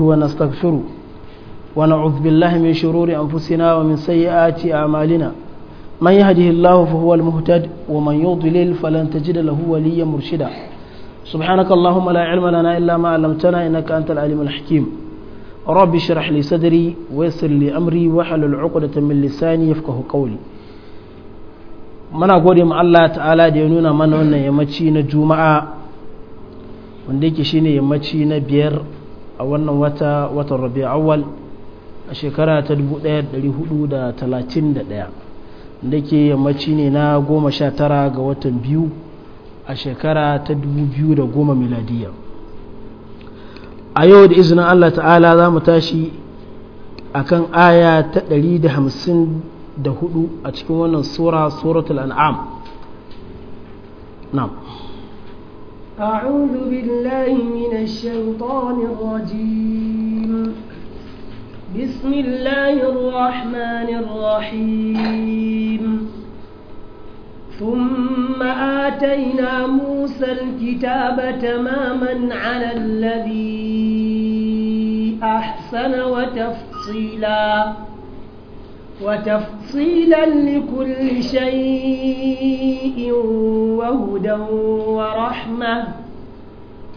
ونستغفره ونعوذ بالله من شرور أنفسنا ومن سيئات أعمالنا من يهده الله فهو المهتد ومن يضلل فلن تجد له وليا مرشدا سبحانك اللهم لا علم لنا إلا ما علمتنا إنك أنت العليم الحكيم رب اشرح لي صدري ويسر لي أمري واحلل عقدة من لساني يفقه قولي muna gode ma Allah ta'ala da ya nuna mana wannan yammaci na juma'a wanda yake shine yammaci na biyar a wannan wata watan rabi awal a shekara ta 1431 da ke yammaci ne na 19 ga watan biyu a shekara ta 2010 miladiya a yau da izinin allah ta'ala za mu tashi a kan aya ta 154 a cikin wannan sura suratul an'am na'am أعوذ بالله من الشيطان الرجيم بسم الله الرحمن الرحيم ثم آتينا موسى الكتاب تماما على الذي أحسن وتفصيلاً وتفصيلا لكل شيء وهدى ورحمة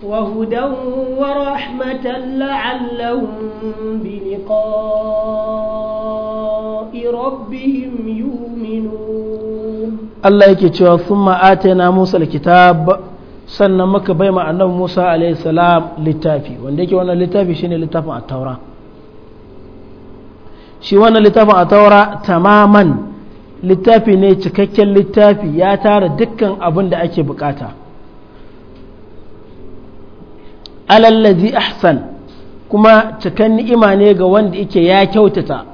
وهدى ورحمة لعلهم بلقاء ربهم يؤمنون الله يكتشوى ثم آتينا موسى الكتاب سنة مكة بيما أنه موسى عليه السلام لتافي وانديكي وانا لتافي شيني لتافي التوراه shi wannan littafin a taura tamaman littafi ne cikakken littafi ya tara dukkan abin da ake bukata alallazi ahsan kuma cikan ni'ima ne ga wanda yake ya kyautata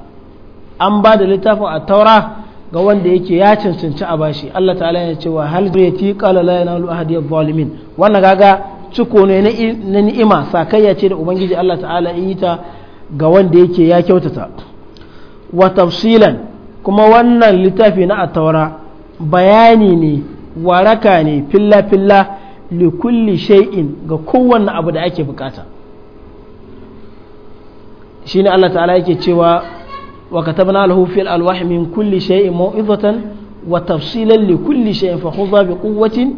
an ba da littafin a taura ga wanda yake ya cancanci a bashi Allah ta'ala ya ce wa hal yati qala la yanalu ahad yadh zalimin wannan gaga ciko ne na ni'ima sakayya ce da ubangiji Allah ta'ala yi ta ga wanda yake ya kyautata wa tafsilan kuma wannan littafi na attaura bayani ne waraka ne filla-filla li kulli shay'in ga kowanne abu da ake bukata shi ne Allah ta'ala yake cewa wa katabna lahu fil min kulli shay'in maw'izatan wa tafsilan li kulli shay'in fa khudha bi quwwatin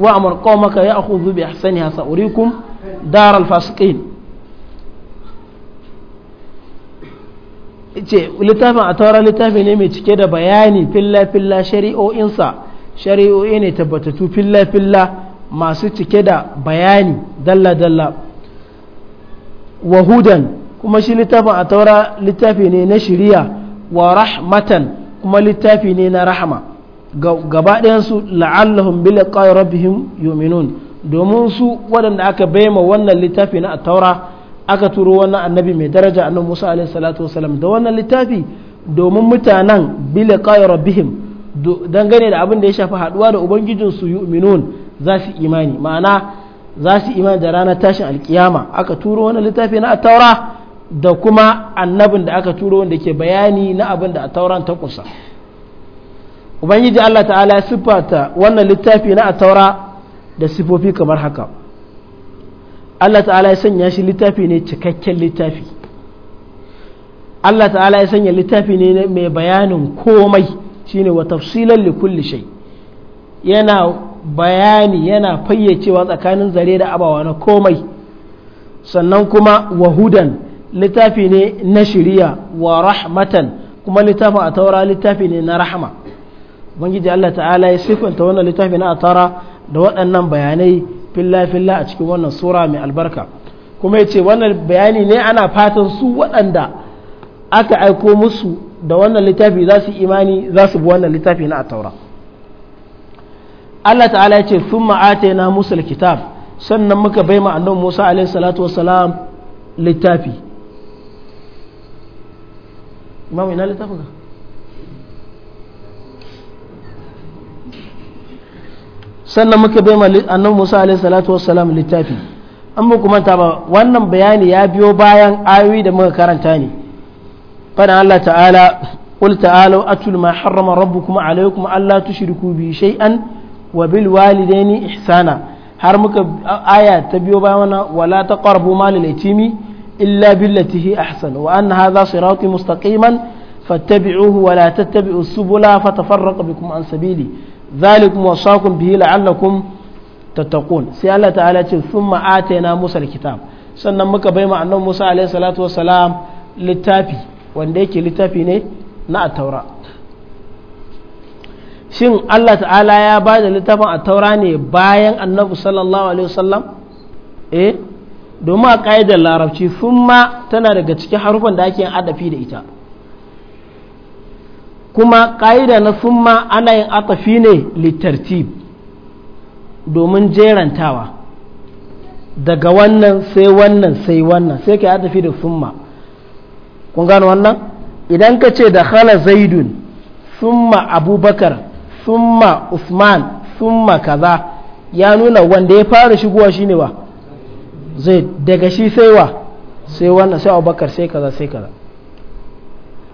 wa amr qawmaka ya'khudhu bi ahsaniha sa'urikum dar fasiqin ce littafin a taura littafi ne mai cike da bayani filla-filla shari'o'insa shari'o'i ne tabbatattu filla-filla masu cike da bayani dalla-dalla wahudan kuma shi littafin a taura littafi ne na shiriya wa rahmatan kuma littafi ne na rahama gaba ɗayansu la'allahun bi ƙayar rabbihim yominun domin su waɗanda aka bai ma wannan littafi na taura aka turo wannan annabi mai daraja annabi Musa alaihi salatu wasalam da wannan littafi domin mutanen bila qa'i rabbihim dangane da abin da ya shafi haduwa da ubangijin su yu'minun za su imani ma'ana za su imani da ranar tashin alkiyama aka turo wannan littafi na taura da kuma annabin da aka turo wanda ke bayani na abin da at-tauran ta kusa ubangiji Allah ta'ala ya siffata wannan littafi na at-taura da sifofi kamar haka Allah ta'ala ya sanya shi littafi ne cikakken littafi Allah ta'ala ya sanya littafi ne mai bayanin komai shine wa tafsilan li kulli shay yana bayani yana fayyacewa tsakanin zare da abawa na komai sannan kuma wahudan littafi ne na shiriya wa rahmatan kuma littafin a taura littafi ne na rahma ubangiji Allah ta'ala ya sifanta wannan littafi na a da waɗannan bayanai filla filla a cikin wannan sura mai albarka kuma yace wannan bayani ne ana fatan su waɗanda aka aiko musu da wannan littafi za su imani za su bi wannan littafi na taura Allah ta'ala ya ce thumma atayna musa kitab sannan muka bai ma Musa alaihi salatu wassalam littafi ina littafin ka sannan muka bai annabi Musa alaihi salatu wassalam littafi an ba kuma ta ba wannan bayani ya biyo bayan ayoyi da muka karanta ne fadan Allah ta'ala qul ta'alu atul ma harrama rabbukum alaykum alla tushriku bi shay'an wa bil walidaini ihsana har muka aya ta biyo bayan wannan wala taqrabu mal yatimi illa billati hi ahsan wa anna hadha sirati mustaqiman fattabi'uhu wa la tattabi'us subula fatafarraqa bikum an sabili zalikum wasakum bihi la'allakum tattaqun sai Allah ta'ala ce thumma atayna Musa alkitab sannan muka bai ma annabi Musa alaihi salatu wassalam littafi wanda yake littafi ne na at-taura shin Allah ta'ala ya ba da littafin at-taura ne bayan annabi sallallahu alaihi wasallam eh domin a ƙa'idar larabci sun ma tana daga cikin harufan da ake yin adafi da ita kuma ƙa'ida na summa ana yin atafi ne littartib domin jerantawa daga wannan sai wannan sai wannan sai ka atafi da summa kun gano wannan idan ka ce da hala zaidun summa abubakar summa usman summa kaza ya nuna wanda ya fara shigowa shine ba zai daga shi sai wa sai wannan sai abubakar sai kaza sai kaza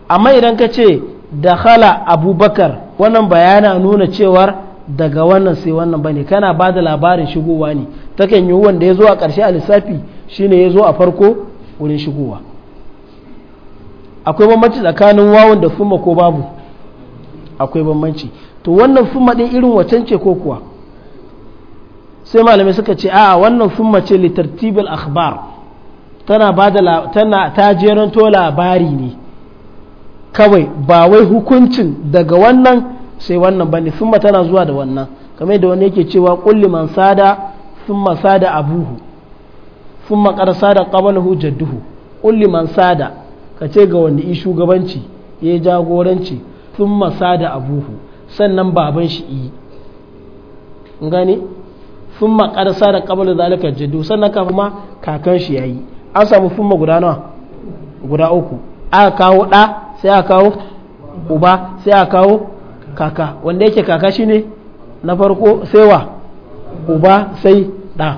amma idan ka ce da hala abubakar wannan bayana nuna cewar daga wannan sai wannan bane kana ba da labarin shigowa ne kan yi wanda ya zo a ƙarshe a lissafi shine ya zo a farko wurin shigowa akwai bambanci tsakanin wawon da fuma ko babu akwai bambanci to wannan fuma ɗin irin wacan ce ko kuwa sai malamai suka ce a wannan fuma ce litartibul akhbar tana ba da tana ta jeranto labari ne kawai ba wai hukuncin daga wannan sai wannan bane ba tana zuwa da wannan kamar da wani yake cewa kulli man sada ma sada abuhu sun qad sada qablahu jadduhu kulli man sada ka ce ga wanda shugabanci ya jagoranci ma sada abuhu sannan baban shi yi gani thumma qad sada qabla zalika jaddu sannan ka ma kakan shi yayi an samu ma guda nawa guda uku aka kawo da sai a kawo uba sai a kawo kaka wanda yake kaka shi ne na farko sai wa uba sai ɗa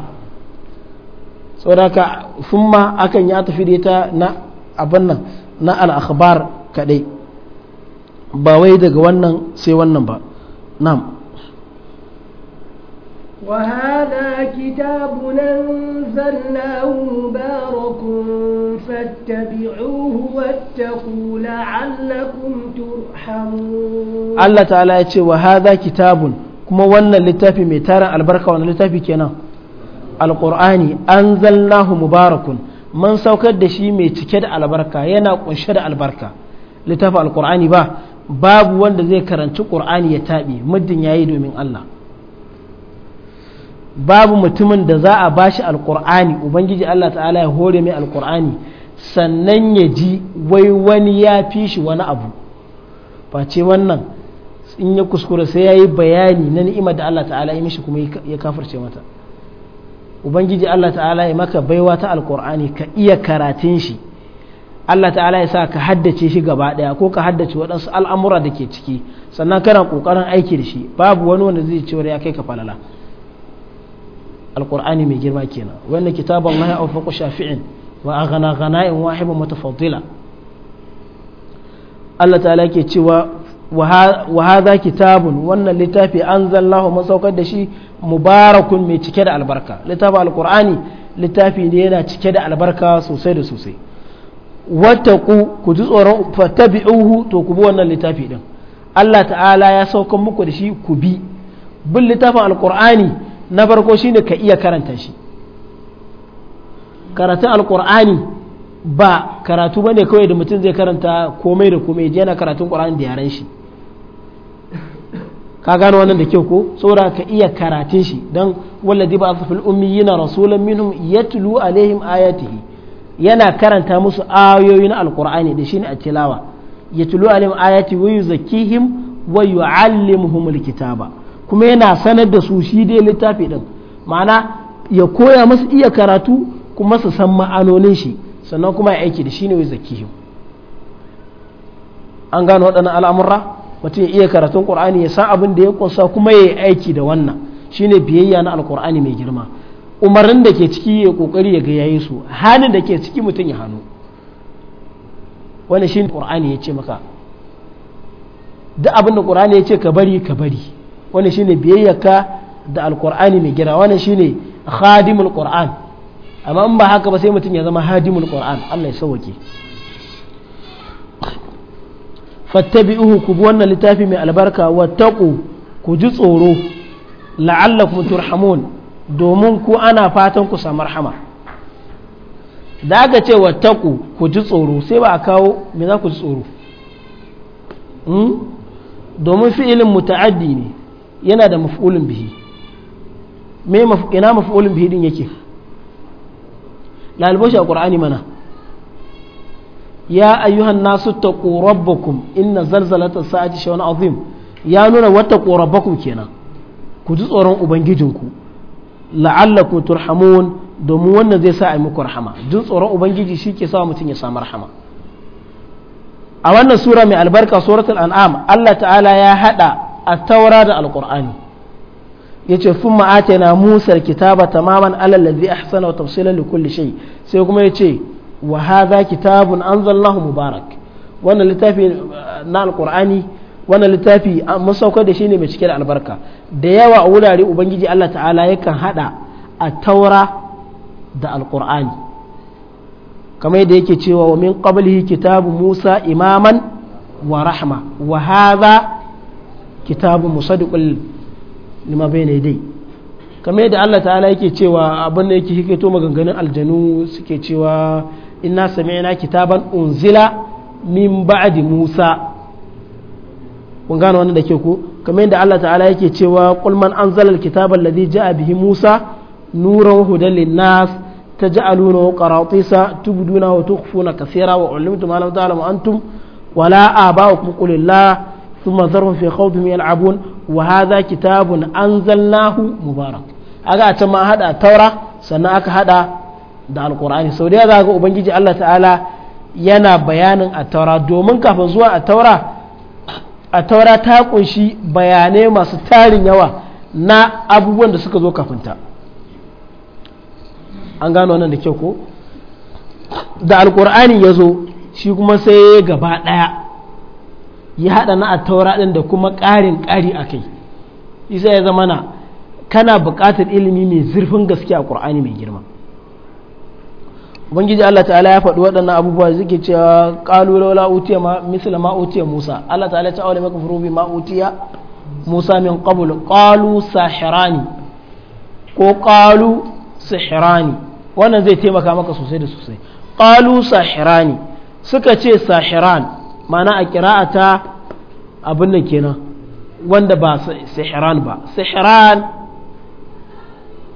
sun summa akan ya tafi da ita na abin nan na al'akhbar kaɗai ba wai daga wannan sai wannan ba na'am وهذا كتاب أنزلناه مبارك فاتبعوه واتقوا لعلكم ترحمون الله تعالى يتشي وهذا كتاب كما وانا لتافي ميتارا البركة وانا لتافي كنا القرآن أنزلناه مبارك من سوكد شي ميتكد البركة ينا قنشد البركة لتافي القرآن با babu wanda zai karanci ƙur'ani ya taɓe muddin ya yi domin Allah babu mutumin da za a bashi alkur'ani ubangiji Allah ta'ala ya hore mai alkur'ani sannan ya ji wai wani ya fi shi wani abu ba ce wannan in ya kuskura sai ya yi bayani na ni'imar da Allah ta'ala ya mishi kuma ya kafirce mata ubangiji Allah ta'ala ya maka baiwa ta alkur'ani ka iya karatun shi Allah ta'ala ya sa ka haddace shi gaba daya ko ka haddace waɗansu al'amura da ke ciki sannan kana ƙoƙarin aiki da shi babu wani wanda zai ce ya kai ka falala alqur'ani mai girma kenan wannan kitabun lahi aw faqu shafi'in wa aghna ghana'in wahibun Allah ta'ala yake cewa wa hadha kitabun wannan littafi anzalallahu masaukar da shi mubarakun mai cike da albarka littafin alqur'ani littafi ne yana cike da albarka sosai da sosai wataku ku ji tsoron fatabi'uhu to ku bi wannan littafi ɗin. Allah ta'ala ya sauka muku da shi ku bi bin littafin alkur'ani na farko shine ka iya karanta shi karatun alkur'ani ba karatu bane kawai da mutum zai karanta komai da komai yana karatun qur'ani da yaren shi ka gano wannan da kyau ko saboda ka iya karatun shi dan wallazi ba fil ummiyina rasulun minhum yatlu alaihim ayatihi yana karanta musu ayoyin alkur'ani da shine a tilawa yatlu alaihim ayati wa yuzakkihim wa yu'allimuhumul kitaba kuma yana sanar da su shi dai littafi ɗin ma'ana ya koya masu iya karatu kuma su san ma'anonin shi sannan kuma ya aiki da shi ne wai an gano waɗannan al'amurra mutum ya iya karatun qur'ani ya san abin da ya kunsa kuma ya aiki da wannan shine biyayya na alqur'ani mai girma umarnin da ke ciki ya kokari ya ga su halin da ke ciki mutum ya hannu wani shi qur'ani ya ce maka duk abin da qur'ani ya ce ka bari ka bari wani shine biyayyaka da alqur'ani mai gira wani shine khadimul qur'an amma in ba haka ba sai mutum ya zama hadimul qur'an Allah ya sauke fattabi'uhu ku bi wannan littafi mai albarka taqu ku ji tsoro la'allakum turhamun domin ku ana fatan ku samu rahama da aka ce taqu ku ji tsoro sai ba a kawo me za ku ji tsoro hmm? domin fi'ilin muta'addi ne yana da maf'ulun bihi me ina maf'ulun bihi din yake lalibo shi a qur'ani mana ya ayyuhan nasu taqu rabbakum inna zalzalata sa'ati shay'un azim ya nuna wata rabbakum kenan ku ji tsoron ubangijinku la'allakum turhamun domin wannan zai sa a muku rahama jin tsoron ubangiji shi ke sa mutum ya samu rahama a wannan sura mai albarka suratul an'am Allah ta'ala ya hada at-taura da al yace thumma atayna musa al-kitaba tamaman ala alladhi ahsana wa tafsilan li kulli shay sai kuma yace wa hadha kitabun anzalallahu mubarak wannan littafi na alkur'ani qurani wannan littafi an saukar da shi ne mai cike da albarka da yawa a wurare ubangiji Allah ta'ala yakan hada a taura da alkur'ani kamar yadda yake cewa wa min qablihi kitabu Musa imaman wa rahma wa hadha kitabun musaddiqul lima bayna dai kamar yadda Allah ta'ala yake cewa abin da yake hikato maganganun aljanu suke cewa inna sami'na kitaban unzila min ba'di Musa kun gane wannan da ke ko kamar yadda Allah ta'ala yake cewa qul man anzala alkitaba alladhi ja'a bihi Musa nuran hudan linnas taj'aluna qaratisa tubduna wa tukhfuna kathira wa 'allamtum ma lam ta'lamu antum wala aba'ukum qulillah ثم ذرهم في خوضهم يلعبون وهذا كتاب أنزلناه مبارك أجا تما haɗa التوراة سنة aka haɗa da alkur'ani sau da za ga ubangiji Allah ta'ala yana bayanin a domin kafin zuwa a taura ta kunshi bayanai masu tarin yawa na abubuwan da suka zo kafinta an da kyau ko da alkur'ani ya zo shi kuma sai gaba ɗaya ya haɗa na taura ɗin da kuma ƙarin ƙari a kai isa ya zama na kana buƙatar ilimi mai zurfin gaske a ƙur'ani mai girma ubangiji Allah ta'ala ya faɗi waɗannan abubuwa suke cewa qalu laula utiya ma misla ma utiya Musa Allah ta'ala ta aure maka furubi ma utiya Musa min qabl qalu sahirani ko qalu sahirani wannan zai taimaka maka sosai da sosai qalu sahirani suka ce sahirani mana a kira'a ta abin nan kenan wanda ba sihiran ba sihiran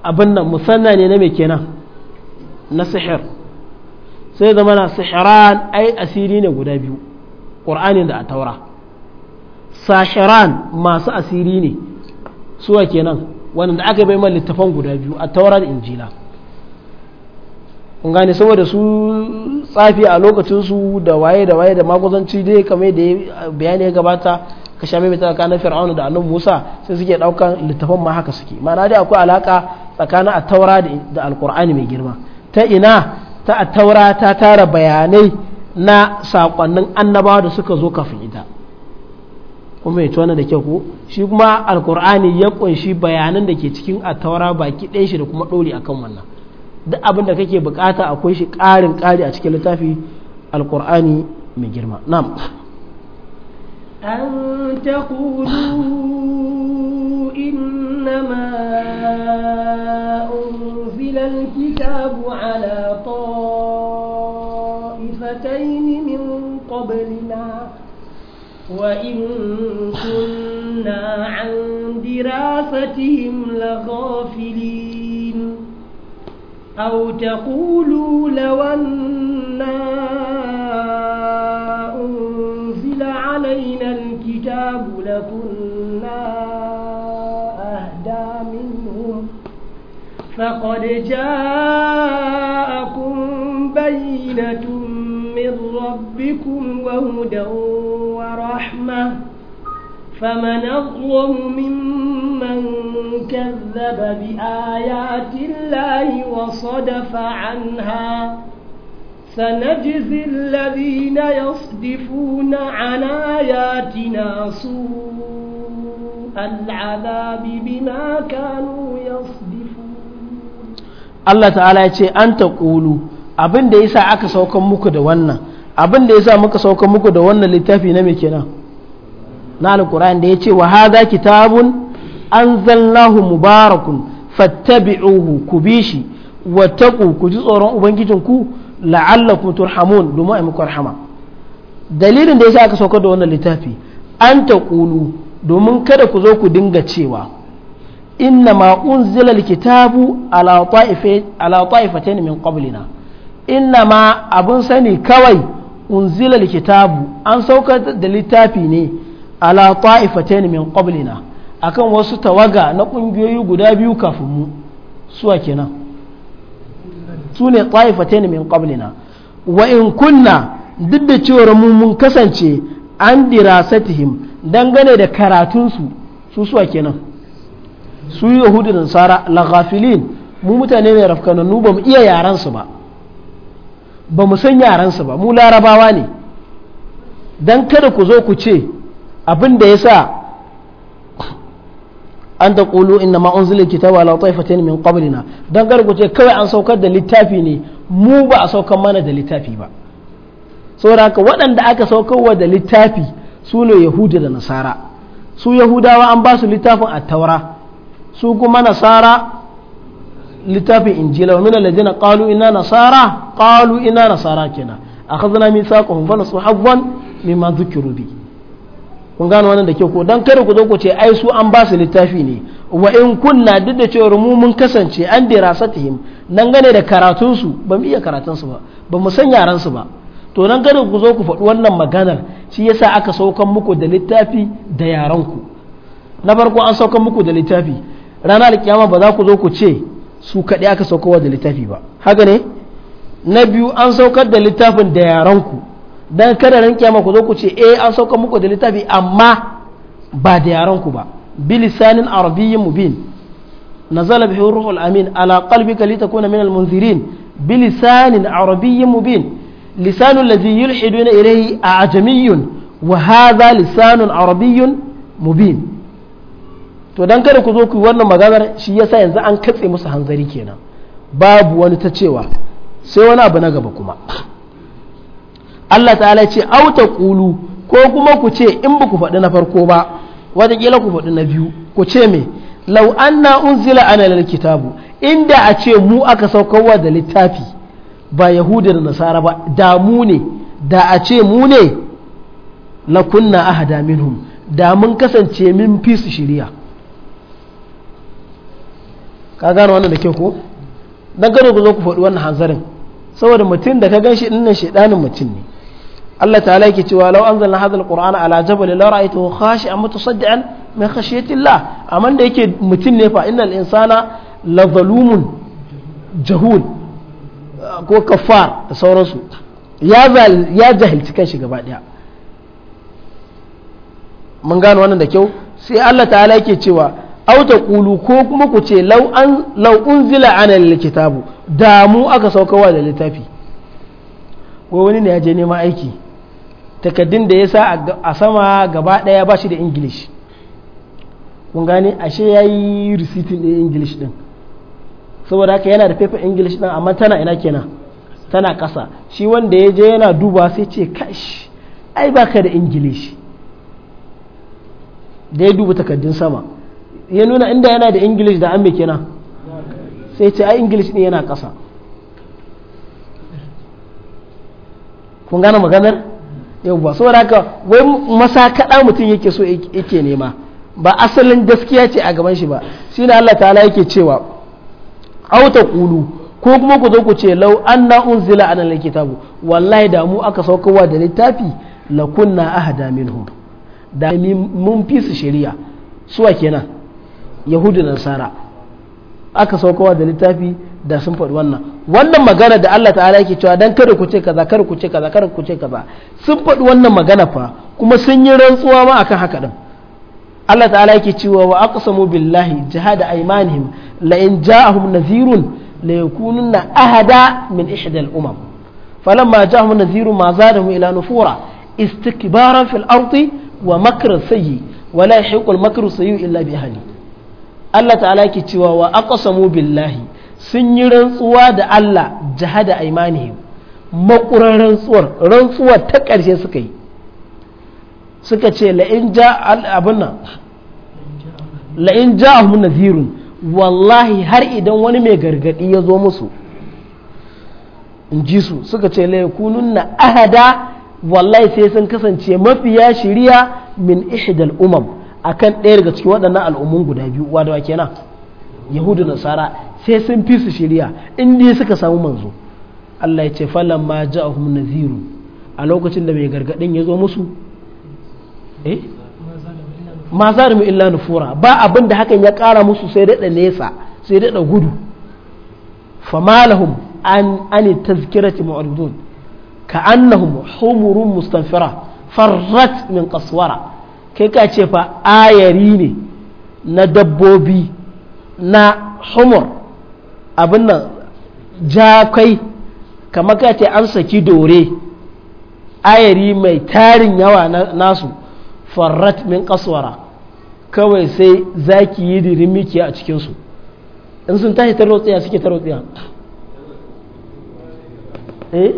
abin nan musanna ne na mai kenan na sihir sai zama na sihiran ai asiri ne guda biyu ƙur'ani da a taura sahiran masu asiri ne suwa kenan wanda aka bai man littafan guda biyu a taura da injila kun saboda su tsafi a lokacinsu da waye da waye da magozanci dai kame da bayani ya gabata ka sha mai tsaka na fir'auna da annabi Musa sai suke daukan littafan ma haka suke ma'ana dai akwai alaka tsakanin at-taura da alqur'ani mai girma ta ina ta at-taura ta tara bayanai na sakonnin annabawa da suka zo kafin ita kuma ya wannan da kyau ko shi kuma alkur'ani ya kunshi bayanan da ke cikin at-taura baki ɗayan shi da kuma ɗoli akan wannan duk abin da kake bukata akwai shi ƙarin ƙari a cikin littafi alkur'ani mai girma na'am an taqulu innama unzila kitabu ala ta'ifatayn min qablina wa in kunna an la laghafilin أو تقولوا لو أنزل علينا الكتاب لكنا أهدى منهم فقد جاءكم بينة من ربكم وهدى ورحمة famanan gwamnan muke zababiya ya dilla ni wasu dafa canha sanadisillahi na yauce da fu na cana ya allah ta'ala ce an taƙulu abin da ya sa aka sauka muka da wanan abin ya sa muka da sauka muka da wannan littafi na mai kenan. na alkur'ani da ya ce wa hada kitabun zallahu mubarakun fattabi'uhu ku bi shi wa taqu ku ji tsoron ubangijinku la'allakum turhamun domin a muku rahama dalilin da yasa aka sauka da wannan littafi an taqulu domin kada ku zo ku dinga cewa inna ma unzila alkitabu ala ala ta'ifatin min qablina inna ma abun sani kawai unzila alkitabu an sauka da littafi ne ala ta'ifatayn min qablina akan wasu tawaga na ƙungiyoyi guda biyu kafin mu suwa kenan su ne ta'ifatayn min qablina wa in kunna duk da cewar mu mun kasance an dirasatihim dangane da karatunsu su suwa kenan su yahudu da nasara laghafilin mu mutane ne rafkanannu ba mu iya yaransu ba ba mu san yaransu ba mu larabawa ne dan kada ku zo ku ce abin da sa an ta ƙulu inna ma unzila kitaba ala taifatin min qablina dan kar ce kawai an saukar da littafi ne mu ba a saukar mana da littafi ba saboda haka waɗanda aka saukarwa da littafi su ne yahudu da nasara su yahudawa an ba su littafin taura su kuma nasara littafin injila wa minal ladina qalu ina nasara qalu ina nasara kenan akhadna mithaqahum fa nasu hazzan mimma dhukiru bihi kun gano wannan da kyau ko dan kada ku zo ku ce ai su an ba su littafi ne wa in kunna duk da cewa mu mun kasance an dirasatihim nan gane da karatun su ba mu iya karatun su ba ba mu san yaran su ba to nan kada ku zo ku faɗi wannan maganar shi yasa aka saukan muku da littafi da yaran ku na farko an saukan muku da littafi ranar alkiyama ba za ku zo ku ce su kaɗai aka saukowa da littafi ba haka ne na biyu an saukar da littafin da yaran ku dan kada ran kiyama ku zo ku ce eh an sauka muku da littafi amma ba da yaran ku ba bilisanin arabiyyin mubin nazala bihi ruhul amin ala qalbika litakuna min munzirin bilisanin arabiyyin mubin لسان yulhiduna ilayhi ajamiyun wa lisanin lisanun arabiyyun mubin to dan kada ku zo ku wannan maganar shi yasa yanzu an katse musu hanzari kenan babu wani ta cewa sai wani abu na gaba kuma Allah ta'ala ce auta kulu ko kuma ku ce in ba ku faɗi na farko ba watakila ku faɗi na biyu ku ce me lau unzila ana kitabu inda a ce mu aka saukarwa da littafi ba yahuda da nasara ba da mu ne da a ce mu ne la kunna ahada minhum da mun kasance min fi su shirya ka gano wannan da ke ko dan gano ku zo ku faɗi wannan hanzarin saboda mutum da ka gan shi ɗinnan shaɗanin mutum ne Allah ta'ala yake cewa law anzalna hadha alqur'ana ala jabal la ra'aytuhu khashi'an mutasaddian min khashyatillah amma da yake mutum ne fa innal insana la zalumun jahul ko kafar da sauransu ya ya jahilci kanshi gaba daya mun gano wannan da kyau sai Allah ta'ala yake cewa aw taqulu ko kuma ku ce lau an law unzila ala alkitabu da mu aka saukarwa da littafi ko wani ne ya je neman aiki takaddun da ya sa a sama gaba daya ba shi da ingilish kun gane ashe ya yi risitin ɗin ingilish din saboda haka yana da paper ingilishi din amma tana ina kenan tana kasa shi wanda ya je yana duba sai ce kash ai baka da ingilishi da ya duba takaddun sama ya nuna inda yana da ingilishi da an mai kenan sai ce ai ingilishi din yana kasa kun gane maganar yauwa saboda haka wai masa kaɗa mutum yake so yake nema ba asalin gaskiya ce a gaban shi ba shine Allah ta'ala yake cewa aw taqulu ko kuma ku zo ku ce lau anna unzila ala kitabu wallahi da mu aka saukowa da littafi la kunna ahada minhum da mun fi su shari'a suwa kenan yahudu da nasara aka saukowa da littafi da sun faɗi wannan wannan magana da Allah ta'ala yake cewa dan kada ku ce kaza kada ku ce kaza kada ku ce kaza sun faɗi wannan magana fa kuma sun yi rantsuwa ma akan haka din Allah ta'ala yake cewa wa aqsamu billahi jahada aymanihim la in ja'ahum nadhirun la yakununna ahada min ihdal umam falamma ja'ahum nadhirun ma zadahum ila nufura istikbaran fil ardi wa makra sayyi wa la yahiqul makru sayyi illa bi ahli Allah ta'ala yake cewa wa aqsamu billahi sun yi rantsuwa da Allah a aimanihim makurar rantsuwar rantsuwar ta ƙarshe suka yi suka ce la'in ja abunna la'in ja nazirun wallahi har idan wani mai gargadi ya zo musu in ji su suka ce laikunun na ahada wallahi sai sun kasance mafiya shiriya min ihdal umam akan ɗaya daga cikin waɗannan al'ummun guda biyu wadawa kenan yahudu nasara sai sun fi su shirya inda suka samu manzo Allah ya ce falan ma naziru a lokacin da mai gargadin ya zo musu eh? ma zalimu illa nufura ba abin da hakan ya kara musu sai daɗa nesa sai daɗa gudu famalahum an ani tazkirati mu'ridun ka annahum humurun mustanfira farrat min kaswara kai ka ce fa ayari ne na dabbobi na humur abin nan jakai kamar ka ce an saki dore ayari mai tarin yawa nasu farrat min kaswara kawai sai zaki yi dirimiki a cikinsu in sun tashi tarwatsiya suke tarwatsiya eh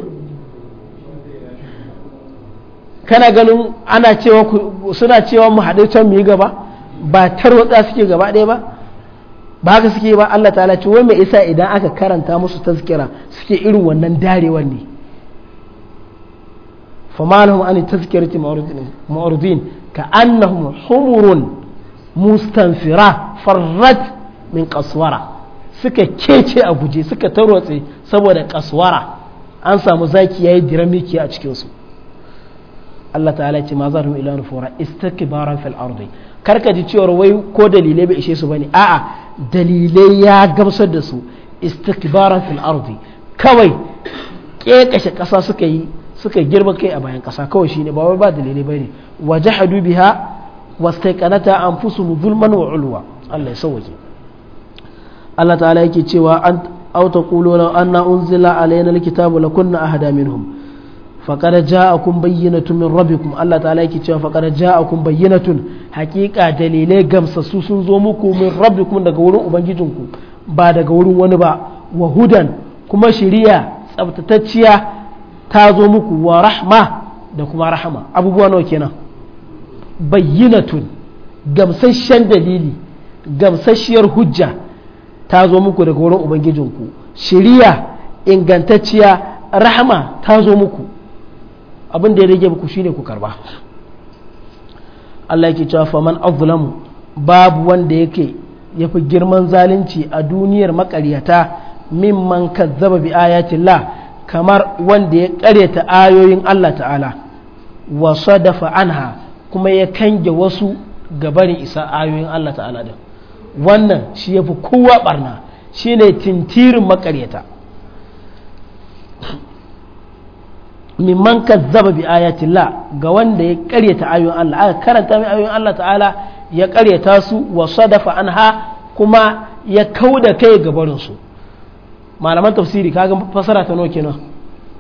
kana ganin ana cewa suna cewa mu haɗe can mu yi gaba ba tarwatsa suke gaba ɗaya ba ba haka suke ba Allah ta'ala ce wai mai isa idan aka karanta musu tazkira suke irin wannan darewar ne famalhum an tazkirati ma'rudin ka annahum humurun mustanfira farrat min kaswara suka kece a guje suka tarotse saboda kaswara an samu zaki yayi diramiki a cikin su Allah ta'ala ya ce ma zarhum ila nufura istikbaran fil ardi karka ji cewa wai ko dalilai bai ishe su bane a'a dalilai ya gamsar da su istikbaran fil ardi kawai kekashe kasa suka yi suka girma kai a bayan kasa kawai shine ba wai ba dalilai bane wajahadu biha wastaqanata anfusuhum zulman wa ulwa Allah ya sauke Allah ta'ala yake cewa an aw taqulu law anna unzila alaina alkitabu lakunna ahada minhum faƙar ja'akun bayyanatun min rabbikum Allah ta'ala yake cewa faƙar ja'akun bayyanatun haƙiƙa dalilai gamsassu sun zo muku min rabbikum daga wurin ubangijinku ba daga wurin wani ba wa hudan kuma shiriya tsabtatacciya ta zo muku wa rahma da kuma rahama abubuwa nawa kenan bayyanatun gamsasshen dalili gamsasshiyar hujja ta zo muku daga wurin ubangijinku shiriya ingantacciya rahama ta zo muku abin da ya rage ku shine ku karba Allah yake cewa faman azlamu babu wanda yake yafi girman zalunci a duniyar makaryata mimman kazzaba bi ayatillah kamar wanda ya karyata ayoyin Allah ta'ala wa sadafa anha kuma ya kange wasu gabarin isa ayoyin Allah ta'ala din wannan shi yafi kowa barna shine tintirin makaryata mimman kazzaba bi ayatillah ga wanda ya karyata ayoyin Allah aka karanta mai ayoyin Allah ta'ala ya karyata su wa sadafa anha kuma ya kauda kai ga barin su malaman tafsiri kaga fasara ta noke kenan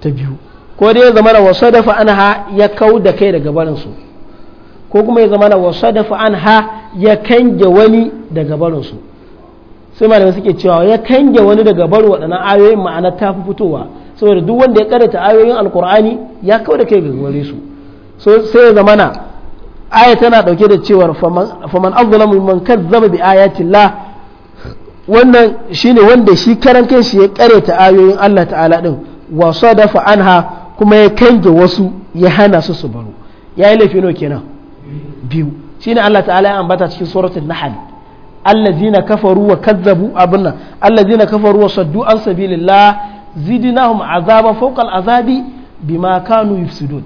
ta biyu ko dai ya zama wa sadafa anha ya kauda kai daga barin su ko kuma ya zama wa sadafa anha ya kange wani daga barin su sai malamai suke cewa ya kange wani daga barin waɗannan ayoyin ma'ana ta fitowa saboda duk wanda ya karanta ayoyin alkur'ani ya kawo da kai ga gare su sai ya zamana aya tana dauke da cewar faman azlamu man kazzaba bi ayati Allah wannan shine wanda shi karan shi ya karanta ayoyin Allah ta'ala din wa sadafa anha kuma ya kange wasu ya hana su su baro yayi laifi no kenan biyu shine Allah ta'ala ya ambata cikin suratul nahl allazina kafaru wa kazzabu abunna allazina kafaru wa saddu an sabilillah zidnahum azaba fawqa azabi bima kanu yufsidun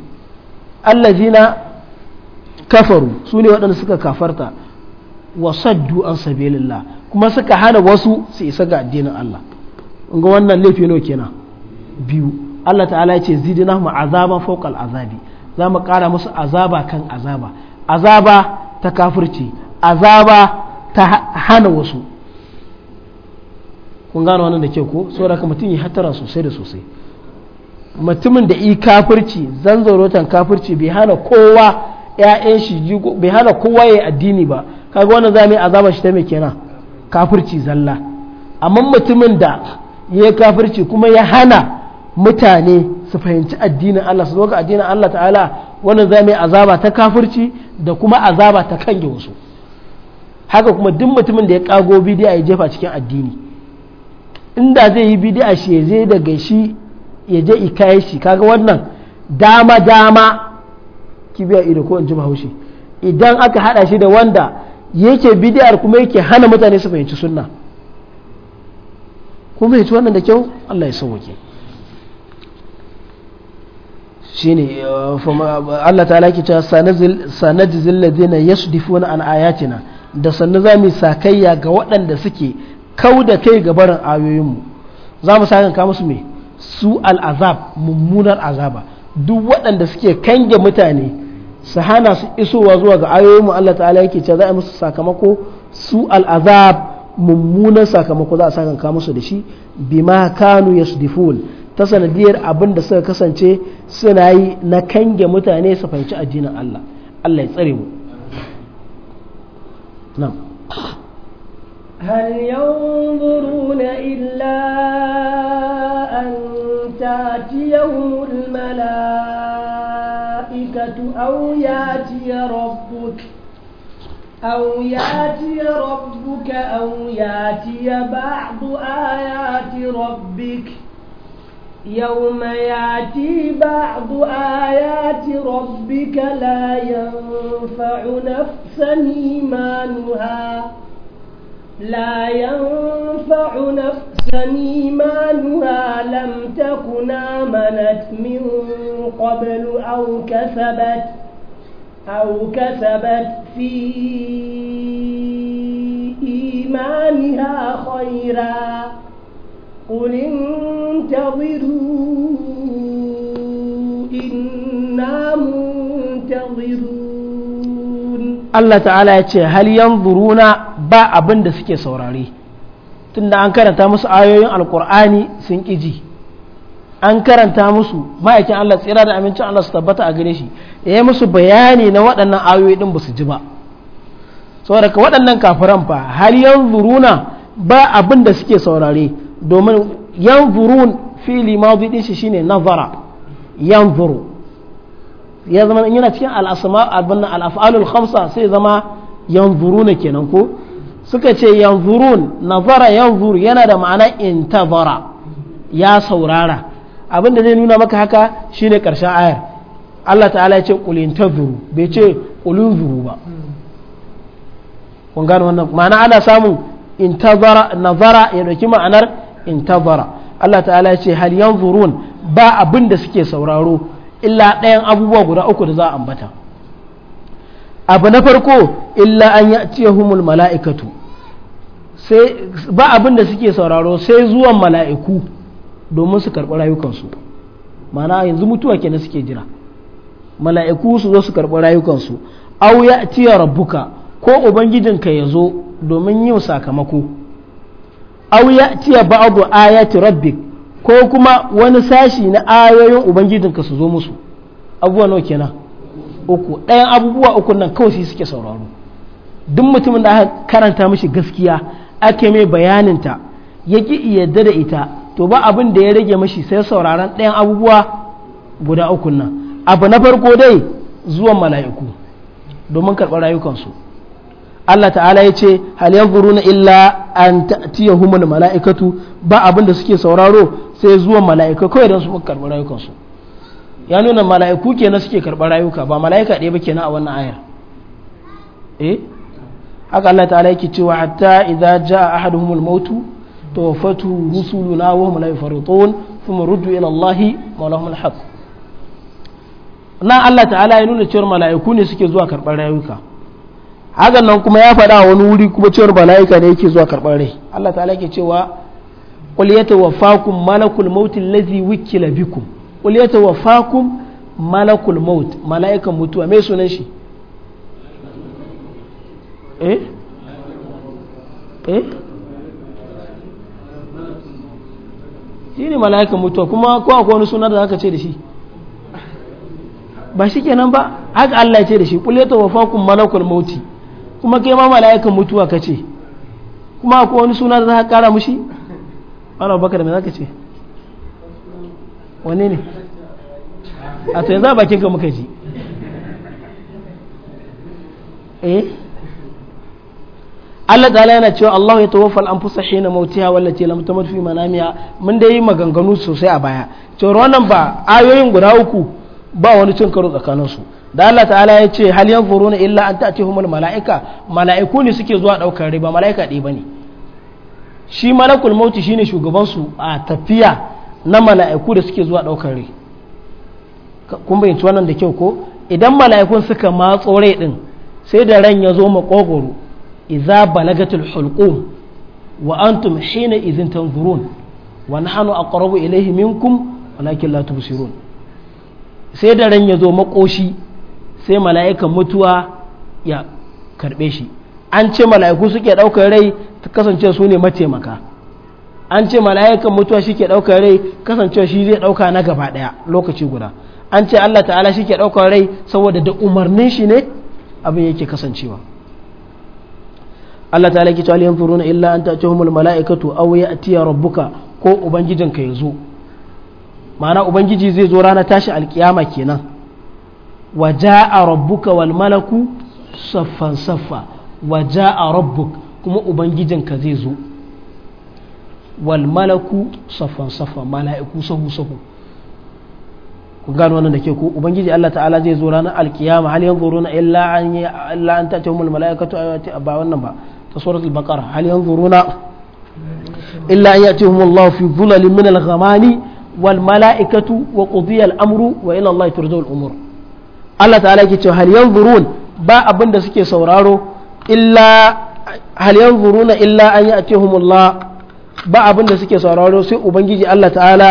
allazina kafaru su ne waɗanda suka kafarta wa saddu an sabilillah kuma suka hana wasu su isa ga addinin Allah ga wannan laifi nawa kenan biyu Allah ta'ala ya ce zidnahum azaban fawqa al'azabi za mu ƙara musu azaba kan azaba azaba ta kafirci azaba ta hana wasu kun gano wannan da ke ko saboda ka mutum ya hatara sosai da sosai mutumin da i kafirci zanzarotan kafirci bai hana kowa ƴaƴan shi bai hana kowa yayi addini ba kaga wannan za mu yi azaba shi ta mai kenan kafirci zalla amma mutumin da ya kafirci kuma ya hana mutane su fahimci addinin Allah su zo ga addinin Allah ta'ala wannan za mu yi azaba ta kafirci da kuma azaba ta kange wasu haka kuma duk mutumin da ya kago bidiya ya jefa cikin addini inda zai yi bidiya shi ya daga shi ya je ikaye shi kaga wannan dama dama kibiya ido ko in ji bahaushe idan aka hada shi da wanda yake bidiyar kuma yake hana mutane su fahimci sunna kuma yace wannan da kyau Allah ya sauke shine uh, Allah ta'ala ke cewa sanajzil ladina yasdifuna an ayatina da sannu za sakayya ga waɗanda suke kau da kai ga barin ayoyinmu za mu sa ka musu me su al'azab mummunar azaba duk waɗanda suke kange mutane su hana su isowa zuwa ga ayoyinmu Allah ta'ala yake ce za a musu sakamako su al'azab mummunan sakamako za a sa ka musu da shi bima kanu yasdifun ta sanadiyar abin da suka kasance suna yi na kange mutane su fahimci addinin Allah Allah ya tsare mu هل ينظرون إلا أن تاتيهم الملائكة أو ياتي ربك أو ياتي ربك أو ياتي بعض آيات ربك يوم ياتي بعض آيات ربك لا ينفع نفسا إيمانها ۖ لا ينفع نفسا إيمانها لم تكن آمنت من قبل أو كسبت أو كسبت في إيمانها خيرا قل انتظروا إنا منتظرون Allah ta'ala ya ce hal yanzuruna ba abin da suke saurare tunda an karanta musu ayoyin alkur'ani sun ƙiji an karanta musu ma'aikin Allah tsira da amincin Allah su tabbata a gare shi ya yi musu bayani na waɗannan ayoyi ɗin ba su ji ba saboda daga waɗannan kafiran fa hal yanzuruna ba abin da suke saurare domin yanzurun fili mawdi din shi shine nazara yanzuru ya zama in yana cikin al'asma abin nan al'af'alul khamsa sai zama yanzuru na kenan ko suka ce yanzurun nazara yanzur yana da ma'ana intazara ya saurara abin da zai nuna maka haka shine karshen ayar Allah ta'ala ya ce qul intazuru bai ce qul unzuru ba kun gane wannan ma'ana ana samun intazara nazara ya dauki ma'anar intazara Allah ta'ala ya ce hal yanzurun ba abin da suke sauraro illa ɗayan abubuwa guda uku da za a ambata abu na farko illa an ya humul mala'ikatu ba abin da suke sauraro sai zuwan mala'iku domin su karɓi rayukansu mana yanzu mutuwa na suke jira mala'iku su zo su karɓi rayukansu au ya ciya rabbuka ko ubangijinka ya zo domin yin sakamako au ya ba abu ayati rabbik ko kuma wani sashi na ayoyin ka su zo musu abubuwa nawa kenan uku ɗayan abubuwa uku nan kawai sai suke sauraro duk mutumin da aka karanta mashi gaskiya ake mai bayaninta ya ki yadda da ita to ba abin da ya rage mashi sai sauraron ɗayan abubuwa guda uku nan abu na farko dai zuwan mala'iku domin karɓar rayukansu Allah ta'ala ya ce hal yanzuruna illa an ta'tiyahumul mala'ikatu ba abin da suke sauraro sai zuwan mala'iku kawai don su muka karɓi rayukansu ya nuna mala'iku kenan suke karɓar rayuka ba mala'ika ɗaya ba kenan a wannan ayar eh haka Allah ta'ala yake cewa hatta idza jaa ahaduhumul mautu tawaffatu rusuluna wa hum la yafarritun thumma ruddu ila Allah mawlahumul haqq na Allah ta'ala ya nuna cewa mala'iku ne suke zuwa karɓar rayuka hakan nan kuma ya faɗa wani wuri kuma cewar mala'ika ne yake zuwa karɓar rai Allah ta'ala yake cewa qul yatawaffakum malakul maut allazi wukila bikum qul yatawaffakum malakul maut mala'ikan mutuwa me sunan shi eh eh shi ne mala'ikan mutuwa kuma ko akwai wani suna da aka ce da shi ba shi kenan ba haka Allah ya ce da shi kulle ta wafakun malakul mauti kuma kai ma mala'ikan mutuwa ka ce kuma akwai wani suna da aka kara mushi ana bakar mai zaka ce wane ne a to yanzu a bakin ka muka ji eh Allah ta'ala yana cewa Allah ya tawaffa al-anfusa hina mautiha wallati lam tamut fi manamiha mun dai maganganu sosai a baya to wannan ba ayoyin guda uku ba wani cin karo tsakanin su da Allah ta'ala ya ce hal yanzuruna illa an ta'tihumul mala'ika mala'iku ne suke zuwa daukar riba mala'ika ɗaya bane shi malakul mauti ne shugabansu a tafiya na mala'iku da suke zuwa ɗaukar rai kun bayyanci wannan da kyau ko idan mala'ikun suka matso rai din sai da ran ya zo maƙogoro iza balagatul hulqum wa antum hina idhin tanzurun wa nahnu aqrabu ilayhi minkum walakin la tubsirun sai da ran ya zo makoshi sai mala'ikan mutuwa ya karɓe shi an ce mala'iku suke ɗaukar rai ta kasance su ne mataimaka an ce mala'ikan mutuwa shi ke ɗaukar rai kasancewa shi zai ɗauka na gaba ɗaya lokaci guda an ce Allah ta'ala shi ke ɗaukar rai saboda da umarnin shi ne abin yake kasancewa Allah ta'ala ke cewa furuna illa an humul mala'ikatu aw ya'tiya rabbuka ko ubangijin ya zo ma'ana ubangiji zai zo rana tashi alkiyama kenan wa ja'a rabbuka wal malaku saffan saffa wa ja'a kuma ubangijinka zai zo wal malaku safan safan mala'iku sahu sahu ku gano wannan da ke ku ubangiji Allah ta'ala zai zo ranar alkiyama hal yanzuruna illa an illa an ta'tihumul malaikatu ba wannan ba ta suratul baqara hal yanzuruna illa an ya'tihumullahu fi dhulalin min al-ghamami wal malaikatu wa qudiya al-amru wa ila Allah turja'u al-umur Allah ta'ala yake cewa hal yanzurun ba abin da suke sauraro illa hal yanzuruna illa an Allah ba abin da suke sauraro sai ubangiji Allah ta'ala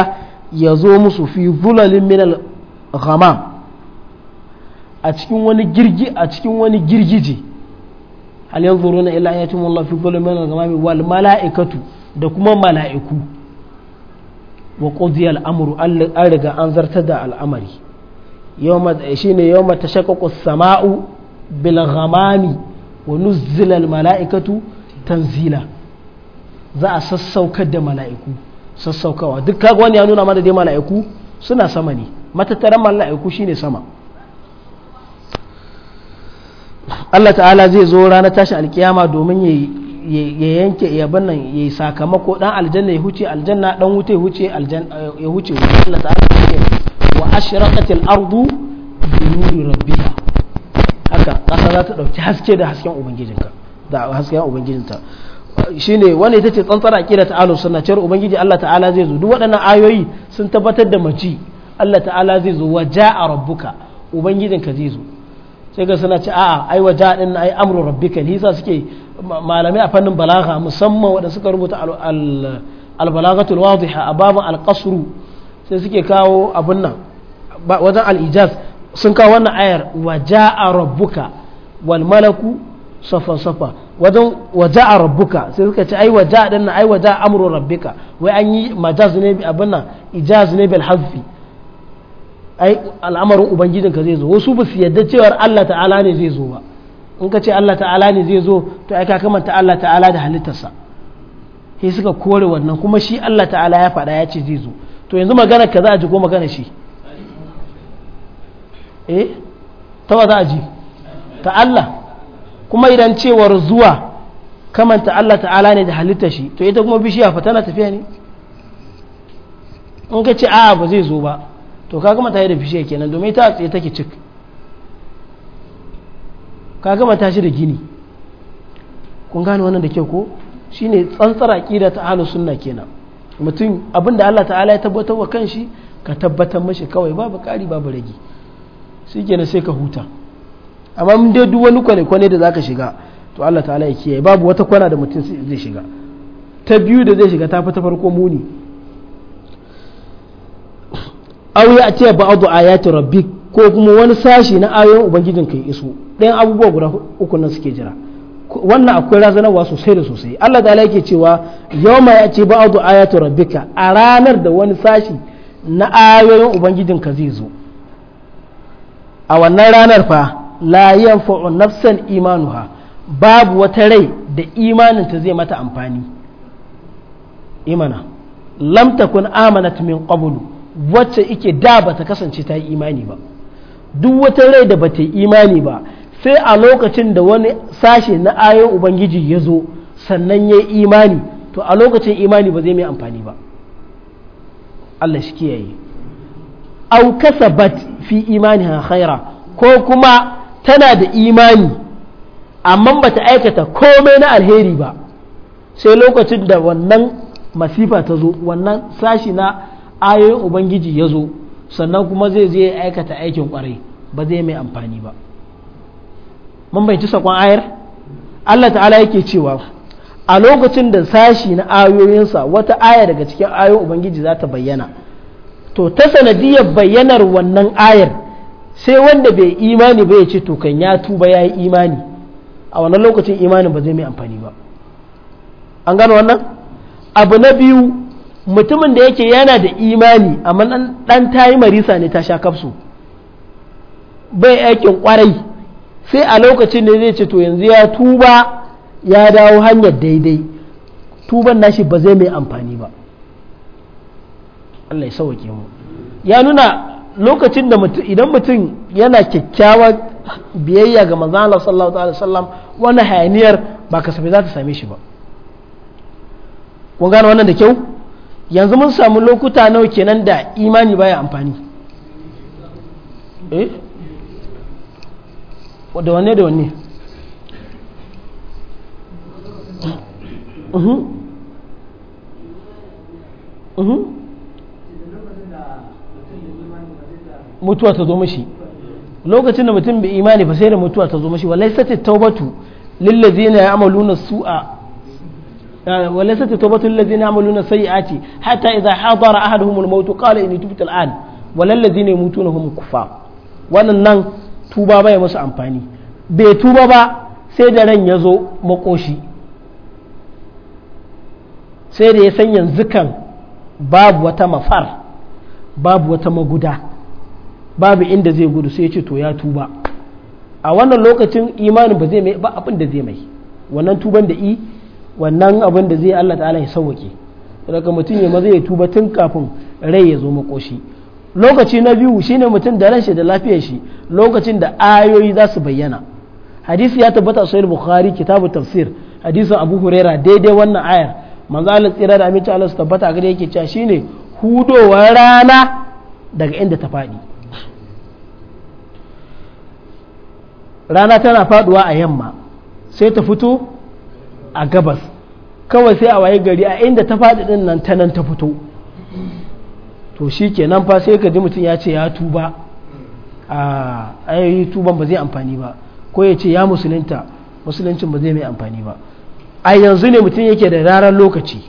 ya zo musu fi zulalin al ghamam a cikin wani girgi a cikin wani girgiji hal yanzuruna illa an Allah fi zulalin al ghamam wal mala'ikatu da kuma mala'iku wa qudiya al-amru an riga an zarta da al'amari yawma shine yawma tashaqqaqu as-sama'u bil ghamami wa nuzzilal mala'ikatu tanzila za a sassaukar da mala'iku sassaukawa duk kaga wani ya nuna mana dai mala'iku suna sama ne matattaran mala'iku shine sama Allah ta'ala zai zo ranar tashin alkiyama domin ya yanke ya ya yi sakamako dan aljanna ya huce aljanna dan wuta ya huce ya huce Allah ta'ala wa ashraqatil ardu bi nuri rabbiha ƙasa za ta ɗauki haske da hasken ubangijinka da hasken ubangijinta shine wani ita ce tsantsara ƙira ta alu suna cewar ubangiji Allah ta'ala zai zo duk waɗannan ayoyi sun tabbatar da maci Allah ta'ala zai zo waja a rabbuka ubangijinka zai zo sai ga suna ce a'a ai waja din ai amru rabbika lisa suke malamai a fannin balaga musamman waɗanda suka rubuta al balagatul wadiha a babu al sai suke kawo abun nan wajen al sun kawo wannan ayar wa ja'a rabbuka wal malaku safa safa wajen wa ja'a rabbuka sai suka ce ai wa a din ai wa ja'a amru rabbika wai an yi majaz ne bi abin nan ijaz ne bil hazfi ai al'amarin ubangijin ka zai zo wasu ba su yadda cewar Allah ta'ala ne zai zo ba in ka ce Allah ta'ala ne zai zo to ai ka kamanta Allah ta'ala da halittarsa sai suka kore wannan kuma shi Allah ta'ala ya faɗa ya ce zai zo to yanzu magana ka za a ji ko magana shi eh ta za a ji ta Allah kuma idan cewar zuwa kamanta Allah ta'ala ne da halitta shi to ita kuma bishiya fa tana tafiya ne in ka ce a'a ba zai zo ba to ka gama yi da bishiya kenan domin ita a tsaye take cik ka gama ta shi da gini kun gane wannan da kyau ko shine tsantsar aqida ta ahlus sunna kenan mutum abinda Allah ta'ala ya tabbatar wa kanshi ka tabbatar mashi kawai babu kari babu ragi. shi kenan sai ka huta amma mun dai duk wani kwane-kwane da zaka shiga to Allah ta'ala ya kiyaye babu wata kwana da mutum zai shiga ta biyu da zai shiga ta fi ta farko muni aw ya ce ba'adu ayati rabbik ko kuma wani sashi na ayoyin ubangijin kai iso ɗayan abubuwa guda uku nan suke jira wannan akwai razanarwa sosai da sosai Allah ta'ala yake cewa yawma ya ce ba'adu ayati rabbika a ranar da wani sashi na ayoyin ubangijin ka zai zo a wannan ranar fa la yanfa'u nafsan imanuha babu wata rai da imaninta zai mata amfani imana eh lam takun amanat min qablu wacce ike da bata kasance ta yi imani ba duk wata rai da bata yi imani ba sai a lokacin da wani sashe na ayoyin ubangiji ya zo sannan ya yi imani to a lokacin imani ba zai mai amfani ba Allah shi kiyaye au kasabat fi imaniha khaira ko kuma tana da imani amma bata aikata komai na alheri ba sai lokacin da wannan masifa ta zo wannan sashi na ayoyin ubangiji ya zo sannan kuma zai zai aikata aikin kwarai ba zai mai amfani ba mun bayanci sakon ayar Allah ta'ala yake cewa a lokacin da sashi na ayoyinsa wata aya daga cikin ayoyin ubangiji za ta bayyana to ta sanadiyar bayyanar wannan ayar sai wanda bai imani ba ya ce to kan ya tuba ya yi imani a wannan lokacin imanin ba zai mai amfani ba an gano wannan abu na biyu mutumin da yake yana da imani amma dan tayi marisa ne ta sha kafsu bai aikin kwarai sai a lokacin da zai ce to yanzu ya tuba ya dawo hanyar daidai tuban nashi ba zai mai amfani ba Allah ya sauke mu ya nuna lokacin da mutum idan mutum yana kyakkyawa biyayya ga manzon Allah sallallahu alaihi wasallam wani hayaniyar ba kasafe za ta same shi ba kun gane wannan da kyau yanzu mun samu lokuta nawa kenan da imani baya amfani eh da wanne da wanne uhum uhum mutuwa ta zo mashi lokacin da mutum bai imani ba sai da mutuwa ta zo mashi wallahi sati taubatu lillazina ya'maluna su'a وليست توبة الذين يعملون السيئات حتى إذا حضر أحدهم الموت قال إني تبت الآن ولا الذين يموتون هم كفار wannan tuba bai masu amfani bai tuba ba sai da ran ya zo makoshi sai da ya san yanzu kan babu wata mafar babu wata maguda babu inda zai gudu sai ya ce to ya tuba a wannan lokacin imanin ba zai mai ba abin da zai mai wannan tuban da i wannan abin da zai Allah ta'ala ya sauwake daga mutum ya maza ya tuba tun kafin rai ya zo makoshi lokaci na biyu shine mutum da ranshi da lafiyar shi lokacin da ayoyi za su bayyana hadisi ya tabbata a sahih bukhari kitabu tafsir hadisin abu huraira daidai wannan ayar manzo Allah tsira da amince Allah su tabbata a gada yake cewa shine hudowar rana daga inda ta faɗi rana tana faduwa a yamma sai ta fito a gabas kawai sai a waye gari a inda ta faɗi ɗin nan ta nan ta fito to shi ke nan fa sai ka ji mutum ya ce ya tuba a ayi tuban ba zai amfani ba ko ya ce ya musulunta musuluncin ba zai mai amfani ba a yanzu ne mutum yake da raran lokaci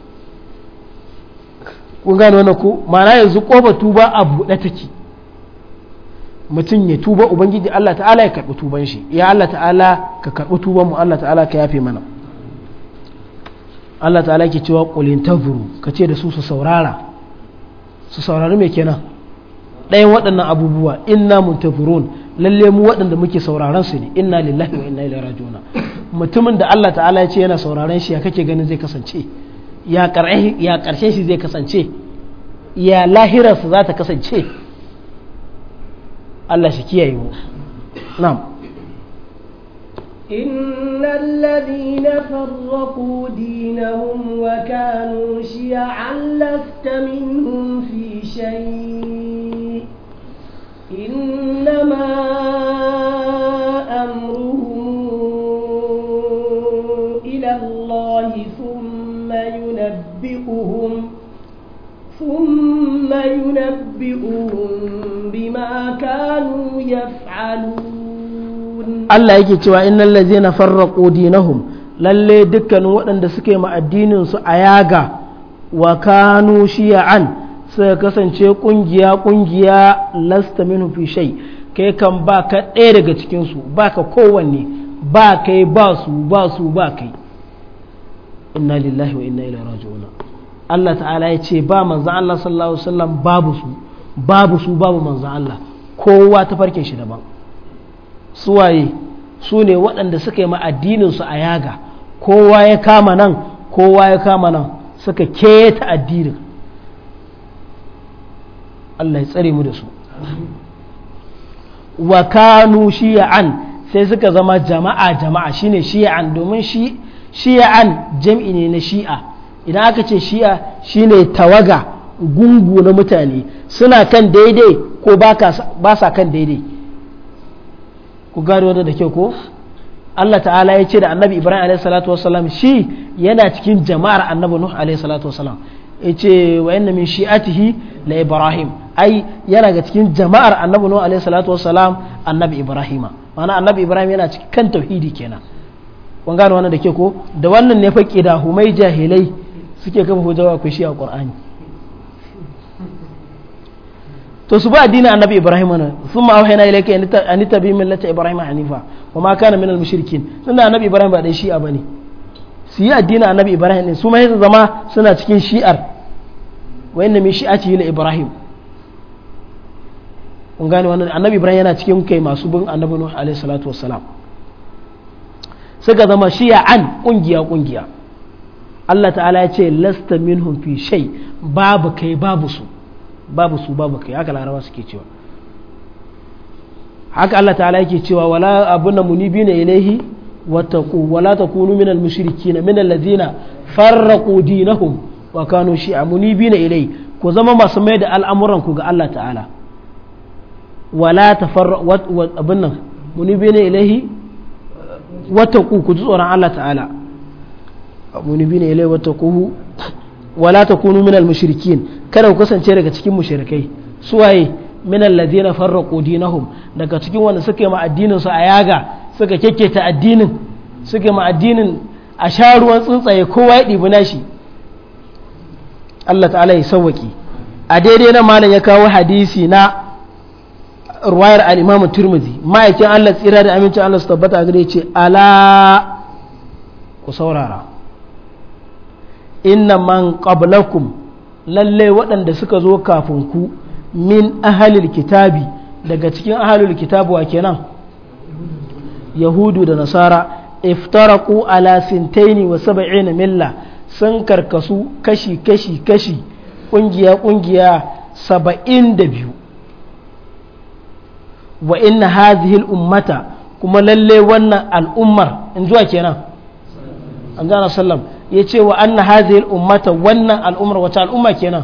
kun gane wannan ko ma'ana yanzu kofa tuba a buɗe take mutum ya tuba ubangiji Allah ta'ala ya karɓi tuban shi ya Allah ta'ala ka karɓi tuban mu Allah ta'ala ka yafe mana Allah ta'ala ke cewa qulin tazuru ka ce da su su saurara su saurari me kenan ɗayan waɗannan abubuwa inna muntazurun lalle mu waɗanda muke sauraron su ne inna lillahi wa inna ilaihi raji'un mutumin da Allah ta'ala ya ce yana sauraron shi ya kake ganin zai kasance ya karshe shi zai kasance ya lahirarsa za ta kasance Allah shi kiyaye mu na'am إن الذين فرقوا دينهم وكانوا شيعا لست منهم في شيء إنما أمرهم إلى الله ثم ينبئهم ثم ينبئهم allah yake cewa الله يكي na إن الذين lalle dukkan waɗanda suke ma addininsu a yaga wa kanu shi'an sai kasance ƙungiya ƙungiya lasta minhu fi shay kai kan ba ka ɗaya daga cikinsu ba ka kowanne ba kai ba su ba su ba kai inna lillahi wa inna ilaihi raji'un Allah ta'ala ya ce ba manzo Allah sallallahu alaihi wasallam babu su babu su babu manzan Allah kowa ta farke shi daban suwaye su ne waɗanda suka yi ma'addininsu a yaga kowa ya kama nan kowa ya kama nan suka keta addinin Allah ya tsare mu da su wa kanu shi'an sai suka zama jama'a jama'a shine shi'an domin shi shi'an jam'i ne na shi'a idan aka ce shi'a shine tawaga gungu na mutane suna kan daidai ko ba sa kan daidai ku gano wanda da kyau ko Allah ta'ala ya ce da annabi Ibrahim alaihi salatu wasalam shi yana cikin jama'ar annabi Nuh alaihi salatu wasalam ya ce wa yanna min shi'atihi la Ibrahim ai yana ga cikin jama'ar annabi Nuh alaihi salatu wasalam annabi ibrahim ma'ana annabi Ibrahim yana cikin kan tauhidi kenan kun gano wannan da ke ko da wannan ne fa humai jahilai suke kafa hujjawa ku shi a Qur'ani to su ba addinin annabi ibrahim ne sun ma auhayna ilayka an tabi millata ibrahim hanifa wa ma kana minal mushrikin tunda annabi ibrahim ba dai shi'a bane su yi addinin annabi ibrahim ne su ma yasa zama suna cikin shi'ar wa inna min shi'ati la ibrahim kun gane wannan annabi ibrahim yana cikin kai masu bin annabi nuh alaihi salatu wassalam suka zama shi'an kungiya kungiya Allah ta'ala ya ce lasta minhum fi shay babu kai babu su babu su babu kai haka larabawa suke cewa haka Allah ta'ala yake cewa wala abuna munibina ilaihi wattaqu wala takunu minal mushrikina minal ladina farraqu dinahum wa kanu shi'a na ilaihi ku zama masu mai da al'amuran ku ga Allah ta'ala wala tafarra abun nan na ilaihi wattaqu ku ji tsoron Allah ta'ala na ilaihi wattaquhu wala takunu minal mushrikin kada ku kasance daga cikin mushrikai suwaye minal ladina farraqu dinahum daga cikin wanda suke ma addinin su a yaga suka ta addinin suke ma addinin a sha ruwan tsuntsaye kowa ya ɗibi nashi Allah ta'ala ya sauwaki a daidai na malam ya kawo hadisi na ruwayar al-Imam Tirmidhi ma'aikin Allah tsira da amincin Allah su tabbata ya ce ala ku saurara inna man qablakum lalle waɗanda suka zo kafin ku min ahalil kitabi daga cikin ahalul kitabu wa kenan yahudu da nasara iftaraku ala sintaini wa saba'ina milla sun karkasu kashi kashi kashi ƙungiya ƙungiya saba'in da biyu wa inna hazihil ummata kuma lalle wannan al'ummar in zuwa kenan an sallam ya ce wa anna hazihil ummata wannan al'ummar wata al'umma kenan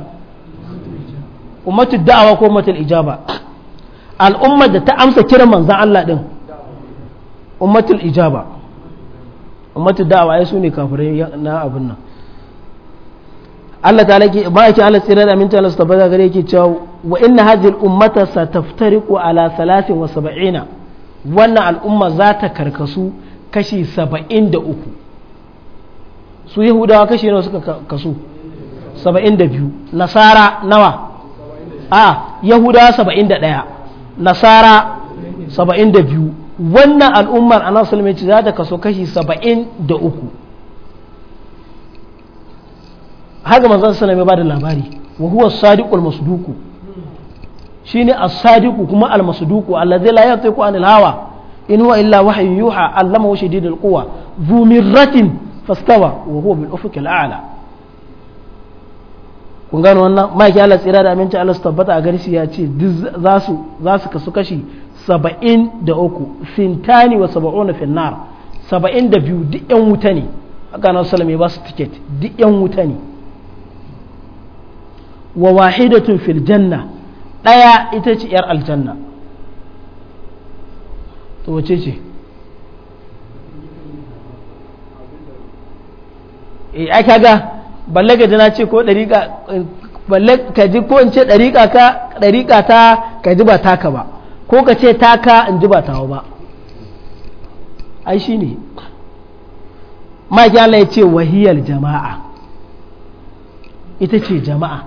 ummatu da'awa ko ummatul ijaba al'ummar da ta amsa kiran manzan Allah din ummatul ijaba ummatu da'awa ai su ne kafirai na abin nan Allah ta lake ba yake Allah tsira da aminta Allah su tabbata gare yake cewa wa inna hadhihi al-ummata sataftariqu ala 73 wannan al'umma za ta karkasu kashi 73 su yahudawa kashe nawa suka kasu saba'in da biyu nasara nawa a yahudawa saba'in da ɗaya nasara saba'in da biyu wannan al'ummar anan sulmaici za ta kaso kashi saba'in da uku haka manzon sallam ba da labari wa huwa sadiqul masduku shine as-sadiqu kuma al-masduku allazi la yantiqu anil hawa in huwa illa wahyu yuha allamahu shadidul quwa dhu fastawa wa huwa bil ufuq al a'la kun gano wannan maki Allah tsira da aminci Allah su tabbata a garshi ya ce za su za su kasu kashi 73 sintani wa 70 fil nar 72 duk yan wuta ne aka na sallama ya ba su ticket duk yan wuta ne wa wahidatun fil janna ɗaya ita ce 'yar aljanna to wace ce eh ai kaga balle ga na ce ko dariƙa balle ka ji ko in ce dariƙa ka dariƙa ta ka ji ba taka ba ko ka ce taka in ji ba tawo ba ai shine ma ya Allah ya ce wahiyar jama'a ita ce jama'a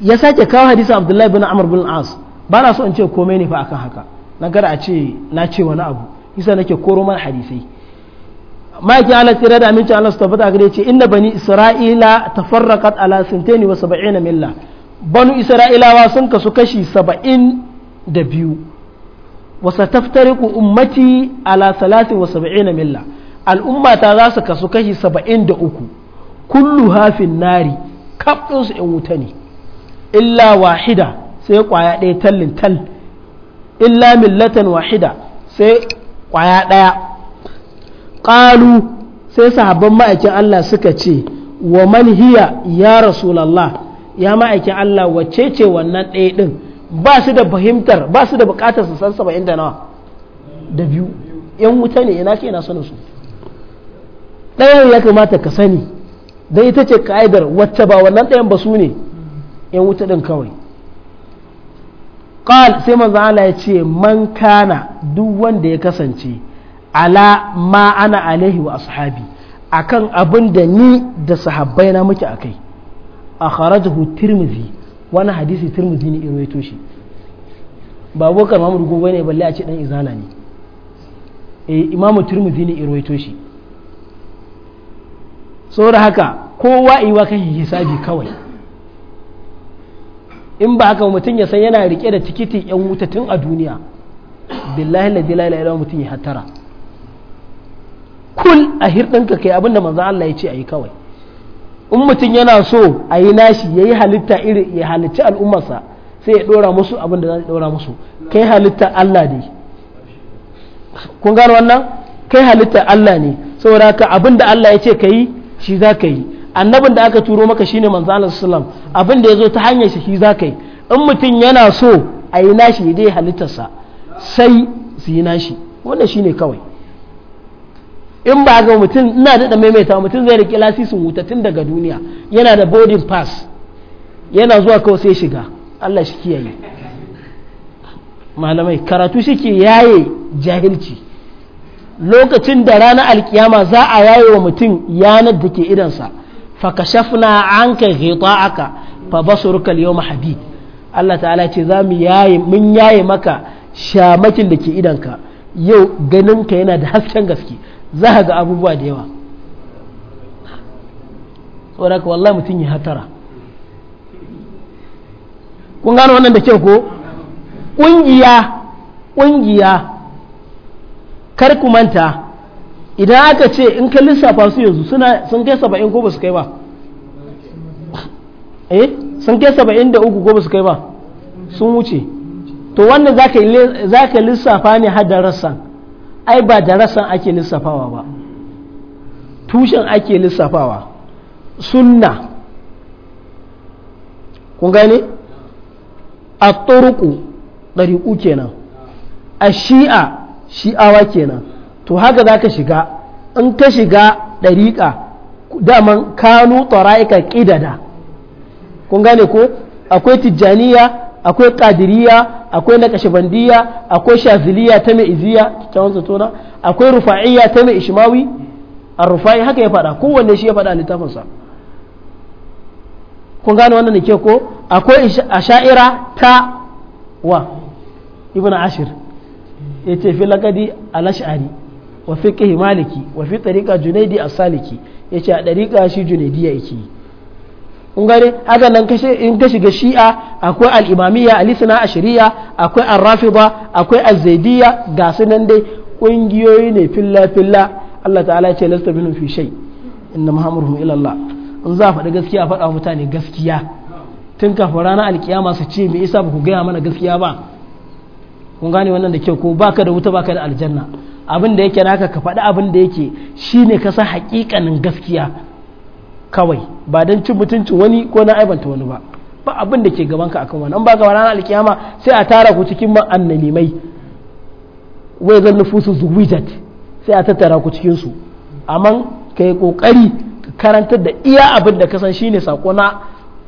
ya sake kawo hadisa abdullahi bin amr bin as ba na so in ce komai ne fa akan haka na gara a ce na ce wani abu isa nake koro mana hadisai maki ala tira da aminci Allah su tabbata gare ce inna bani isra'ila tafarraqat ala sintaini wa sab'ina milla banu isra'ilawa sun kasu kashi saba'in da biyu wa sataftariqu ummati ala salasi wa sab'ina milla al'umma ta za su kasu kashi saba'in da uku kullu hafin nari kaf ɗinsu in wuta ne illa sai kwaya ɗaya tallin illa millatan wahida sai kwaya ɗaya qalu sai sahabban ma'aikin Allah suka ce wa man hiya ya rasulullah ya ma'aikin Allah wacce ce wannan ɗaya din ba su da fahimtar ba su da bukatar su san saba'in da nawa da biyu yan wuta ne ina ke na sanin su ɗayan ya kamata ka sani da ita ce ka'idar wacce ba wannan ɗayan ba su ne yan wuta ɗin kawai qal sai manzo Allah ya ce man kana duk wanda ya kasance ala ma ana alaihi wa ashabi akan abin da ni da sahabbai na muke akai a kharajahu tirmizi wani hadisi tirmizi ne irwaito shi ba bukar mamur gobe ne balle a ce dan izana ne eh imamu tirmizi ne irwaito shi saboda haka kowa iwa kan hisabi kawai in ba haka mutum ya san yana rike da tikitin yan wuta tun a duniya billahi la ilaha illa mutum ya hatara kul a hirɗinka kai abinda manzan Allah ya ce a yi kawai in mutum yana so a yi nashi ya yi halitta iri ya halicci al'ummarsa sai ya ɗora musu abin da za a ɗora musu kai halitta Allah ne kun gano wannan kai halitta Allah ne saboda ka abin Allah ya ce ka yi shi za ka yi annabin da aka turo maka shine manzo Allah sallam abin da ya zo ta hanyar shi za ka yi in mutum yana so a yi nashi ya je halittarsa sai su yi nashi wannan shine kawai in ba ga mutum ina daɗa maimaita mutum zai riƙe lasisin wuta tun daga duniya yana da boarding pass yana zuwa kawai sai shiga Allah shi kiyaye malamai karatu shi ke yaye jahilci lokacin da ranar alkiyama za a yaye wa mutum yanar da ke idansa shafna an ka ghita aka fa basu al yau mahabi Allah ta'ala ce za mu yaye mun yaye maka shamakin da ke idanka yau ganin ka yana da hasken gaske za ga abubuwa da yawa saboda ka wallahi mutum ya hatara kun gano wannan da kyau ko ƙungiya ƙungiya kar ku manta idan aka ce in ka lissafa su yanzu suna sun kai saba'in ko ba su kai ba eh sun kai saba'in da uku ko ba su kai ba sun wuce to wannan za ka lissafa ne hadarar rassan ai ba da ake lissafawa ba tushen ake lissafawa sunna kun gane a turuku ɗariƙu kenan a shi'a shi'awa kenan to haka za ka shiga in ka shiga ɗariƙa daman kanu tsara'ika ƙidada kun gane ko akwai tijjaniya akwai ƙadiriya akwai na kashabandiya akwai shaziliya ta mai iziya kyakkyawan zatona akwai rufa'iya ta mai ishmawi a rufa'i haka ya faɗa kowanne shi ya faɗa a littafinsa kun gane wannan da ke ko akwai a shaira ta wa ibn ashir ya ce fi lagadi alash'ari wa fi maliki wa fi junaidi a saliki ya ce a ɗarika shi junaidi ya yake yi kun gane haka nan in ka shiga shi'a akwai al'imamiyya alisana a shari'a akwai arrafiba akwai azzaidiyya ga su nan dai ƙungiyoyi ne filla filla Allah ta'ala ya ce lasta binu fi shai inna ila ilallah in za faɗi gaskiya a faɗa mutane gaskiya tun kafin ranar alkiyama su ce me isa ba ku gaya mana gaskiya ba kun gane wannan da kyau ko baka da wuta baka da aljanna abin da yake naka ka faɗi abin da yake shine ka san haƙiƙanin gaskiya kawai ba don cin mutuncin wani ko na aibanta wani ba ba abin da ke gabanka akan wani an ba ga ranar alkiyama sai a tara ku cikin mai wai zan nufusu zuwijat sai a tattara ku cikin su amma ka yi kokari ka karantar da iya abin da ka san shine sako na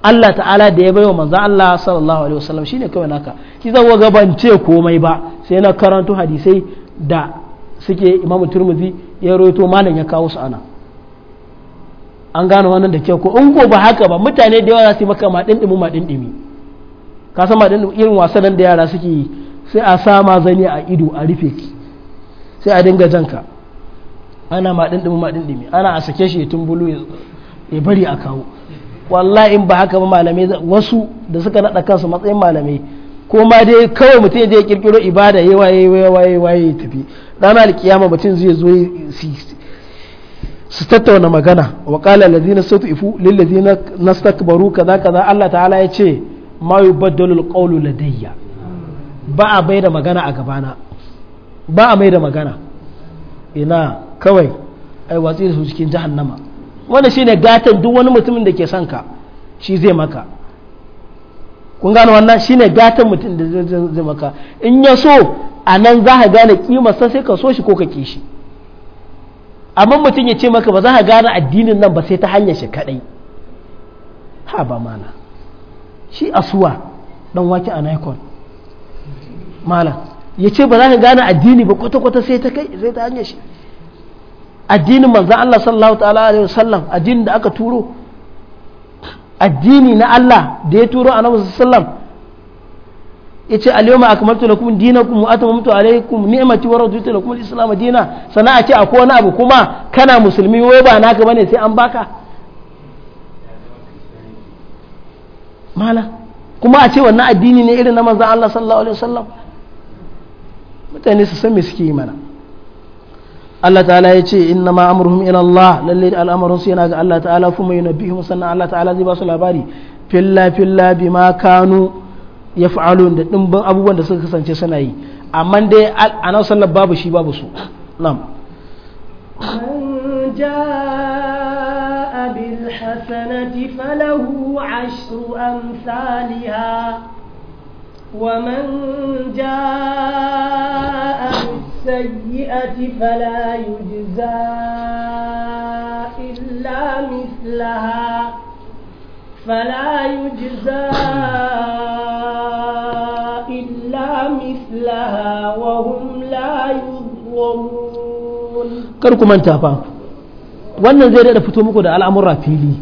Allah ta'ala da ya baiwa manzo Allah sallallahu alaihi wasallam shine kawai naka shi zan ce komai ba sai na karanto hadisai da suke imamu turmuzi ya roto malam ya kawo su ana an gano wannan da kyau ko in ko ba haka ba mutane da yawa za su yi maka ma dindimu ma dindimi ka san ma dindimi irin wasan da yara suke yi sai a sa ma zani a ido a rufe ki sai a dinga janka ana ma dindimu ma dindimi ana a sake shi tun bulu ya bari a kawo wallahi in ba haka ba malamai wasu da suka nada kansu matsayin malamai ko ma dai kawai mutum zai kirkiro ibada yayi waye waye waye tafi dan alkiyama mutum zai zo su tattauna magana wa qala alladhina sutifu lil ladina nastakbaru kaza kaza Allah ta'ala ya ce ma yubaddalu al qawlu ladayya ba a bai da magana a gabana ba a mai da magana ina kawai ai watsi da su cikin jahannama wanda shine gatan duk wani mutumin da ke son ka shi zai maka kun gane wannan shine gatan mutum da zai maka in ya so a nan za ka gane kima sai ka so shi ko ka ke shi amma mutum ya ce maka ba za ka gane addinin nan ba sai ta hanyar shi kadai ha ba mana shi asuwa dan wake a nikon mala ya ce ba za ka gane addini ba kwata-kwata sai ta kai sai ta hanyar shi addinin manzan Allah sallallahu ta'ala alaihi wasallam addinin da aka turo addini na Allah da ya turo a sallallahu yace al-yawma akmaltu lakum dinakum wa atamamtu alaykum ni'mati wa raditu lakum al-islam dina sana a ce akwai wani abu kuma kana musulmi wai ba naka bane sai an baka mala kuma a ce wannan addini ne irin na manzon Allah sallallahu alaihi wasallam mutane su san me suke yi mana Allah ta'ala ya ce inna ma amruhum ila Allah lalle al'amarin su yana ga Allah ta'ala kuma yunabbihum sannan Allah ta'ala zai ba su labari filla filla bima kanu ya fa'alun da ɗimbin abubuwan da suka kasance suna yi amma dai a nan sallar babu shi babu su nam بالحسنة فله عشر أمثالها ومن جاء بالسيئة فلا يجزى إلا مثلها فلا يجزى إلا مثلها وهم لا يظلمون كركم أنت wannan zai daɗa fito muku da al'amura fili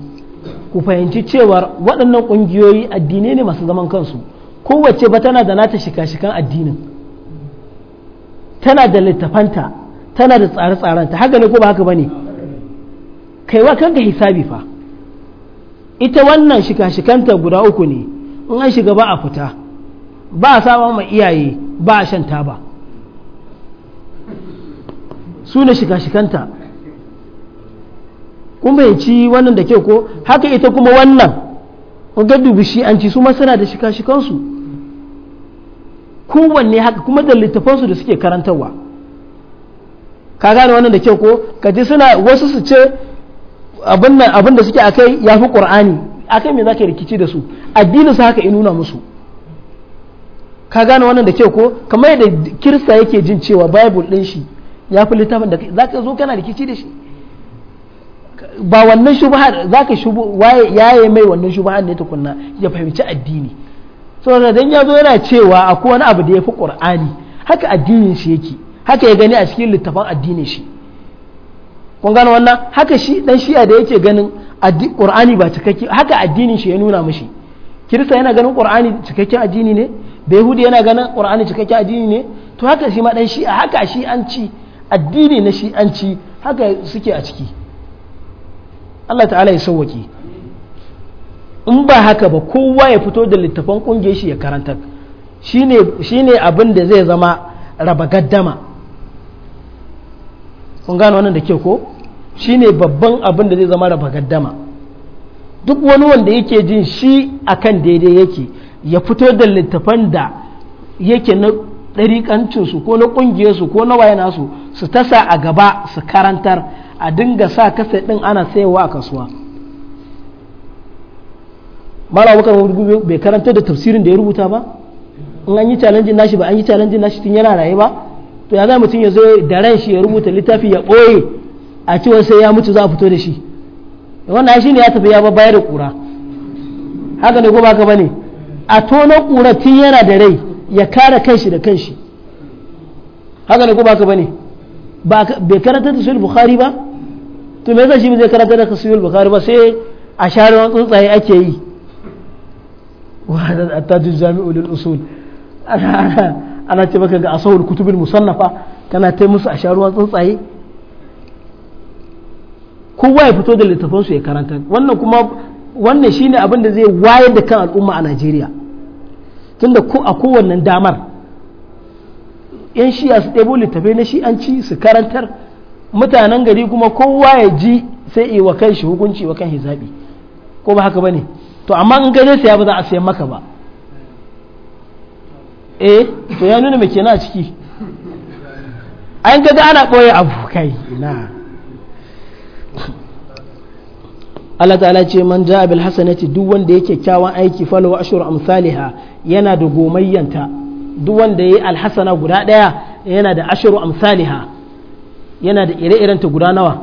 ku fahimci cewar waɗannan ƙungiyoyi addinai ne masu zaman kansu kowace ba tana da nata shika-shikan addinin tana da littafanta tana da tsare-tsarenta haka ne ko ba haka ba ne kaiwa kanka hisabi fa ita wannan shika-shikanta guda uku ne in an shiga ba a fita ba a saba ma iyaye ba a shan taba su ne shika-shikanta kuma ya ci wannan da kyau ko haka ita kuma wannan ga dubi shi an ci su masana da shika-shikansu kowanne haka kuma da littafansu da suke karantarwa ka gane wannan da kyau ko ka ji suna wasu su ce abin da suke akai ya fi ƙur'ani akai me za ka rikici da su addinin su haka in nuna musu ka gane wannan da kyau ko kamar yadda kirista yake jin cewa bible ɗin shi ya fi littafin da za ka zo kana rikici da shi ba wannan shubahar za ka shubu yaye mai wannan shubahar ne tukunna ya fahimci addini saboda dan ya zo yana cewa akwai wani abu da ya fi ƙur'ani haka addinin shi yake haka ya gani a cikin littafin addinin shi kun gano wannan haka shi dan shi'a da yake ganin qur'ani ba cikakke haka addinin shi ya nuna mishi kirista yana ganin qur'ani cikakken addini ne da yahudi yana ganin qur'ani cikakken addini ne to haka shi ma dan shi'a haka shi an ci addini na shi an ci haka suke a ciki Allah ta'ala ya sauwaki in ba haka ba kowa ya fito da littafan kungiyar shi ya karanta shine shine abin da zai zama raba gaddama kun gano wannan da ke ko shi ne babban abin da zai zama raba gaddama duk wani wanda yake jin shi akan daidai yake ya fito da littafan da yake na ɗariƙancinsu ko na ƙungiyarsu ko na waye nasu su tasa a gaba su karantar a dinga sa kasa ɗin ana sayarwa a kasuwa mala wakar bai karantar da tafsirin da ya rubuta ba in an yi challenge nashi ba an yi challenge nashi tun yana raye ba to ya za mutum ya zo da ran shi ya rubuta littafi ya ɓoye a cewa sai ya mutu za a fito da shi wannan shi ne ya tafi ya bayar da ƙura haka ne ko ba ka ba ne a tonon ƙura tun yana da rai ya kare kanshi da kanshi haka ne ko ba ka ba ne bai karanta da sahih bukhari ba to me yasa shi bai karanta da sahih bukhari ba sai a share wani tsuntsaye ake yi wa hadal attaju jami'u usul ana ce maka ga asahul kutubul musannafa kana ta musu a sharuwa tsuntsaye kowa ya fito da littafin su ya karanta wannan kuma wannan shine abin da zai wayar da kan al'umma a Najeriya tunda ko a kowannen damar yan shiya su ɗebo littafai na shi'anci su karantar mutanen gari kuma kowa ya ji sai yi wa kan shi hukunci wa kan hisabi ko ba haka bane to amma in gane sai ba za a sayan maka ba eh to ya nuna mai kenan a ciki an ga ana ɓoye abu kai na Allah ta'ala ce man ja'a bil hasanati duk wanda yake kyakkyawan aiki falo ashur amsaliha yana da gomayyanta duk wanda yayi alhasana guda daya yana da ashur amsalha yana da ire-irenta guda nawa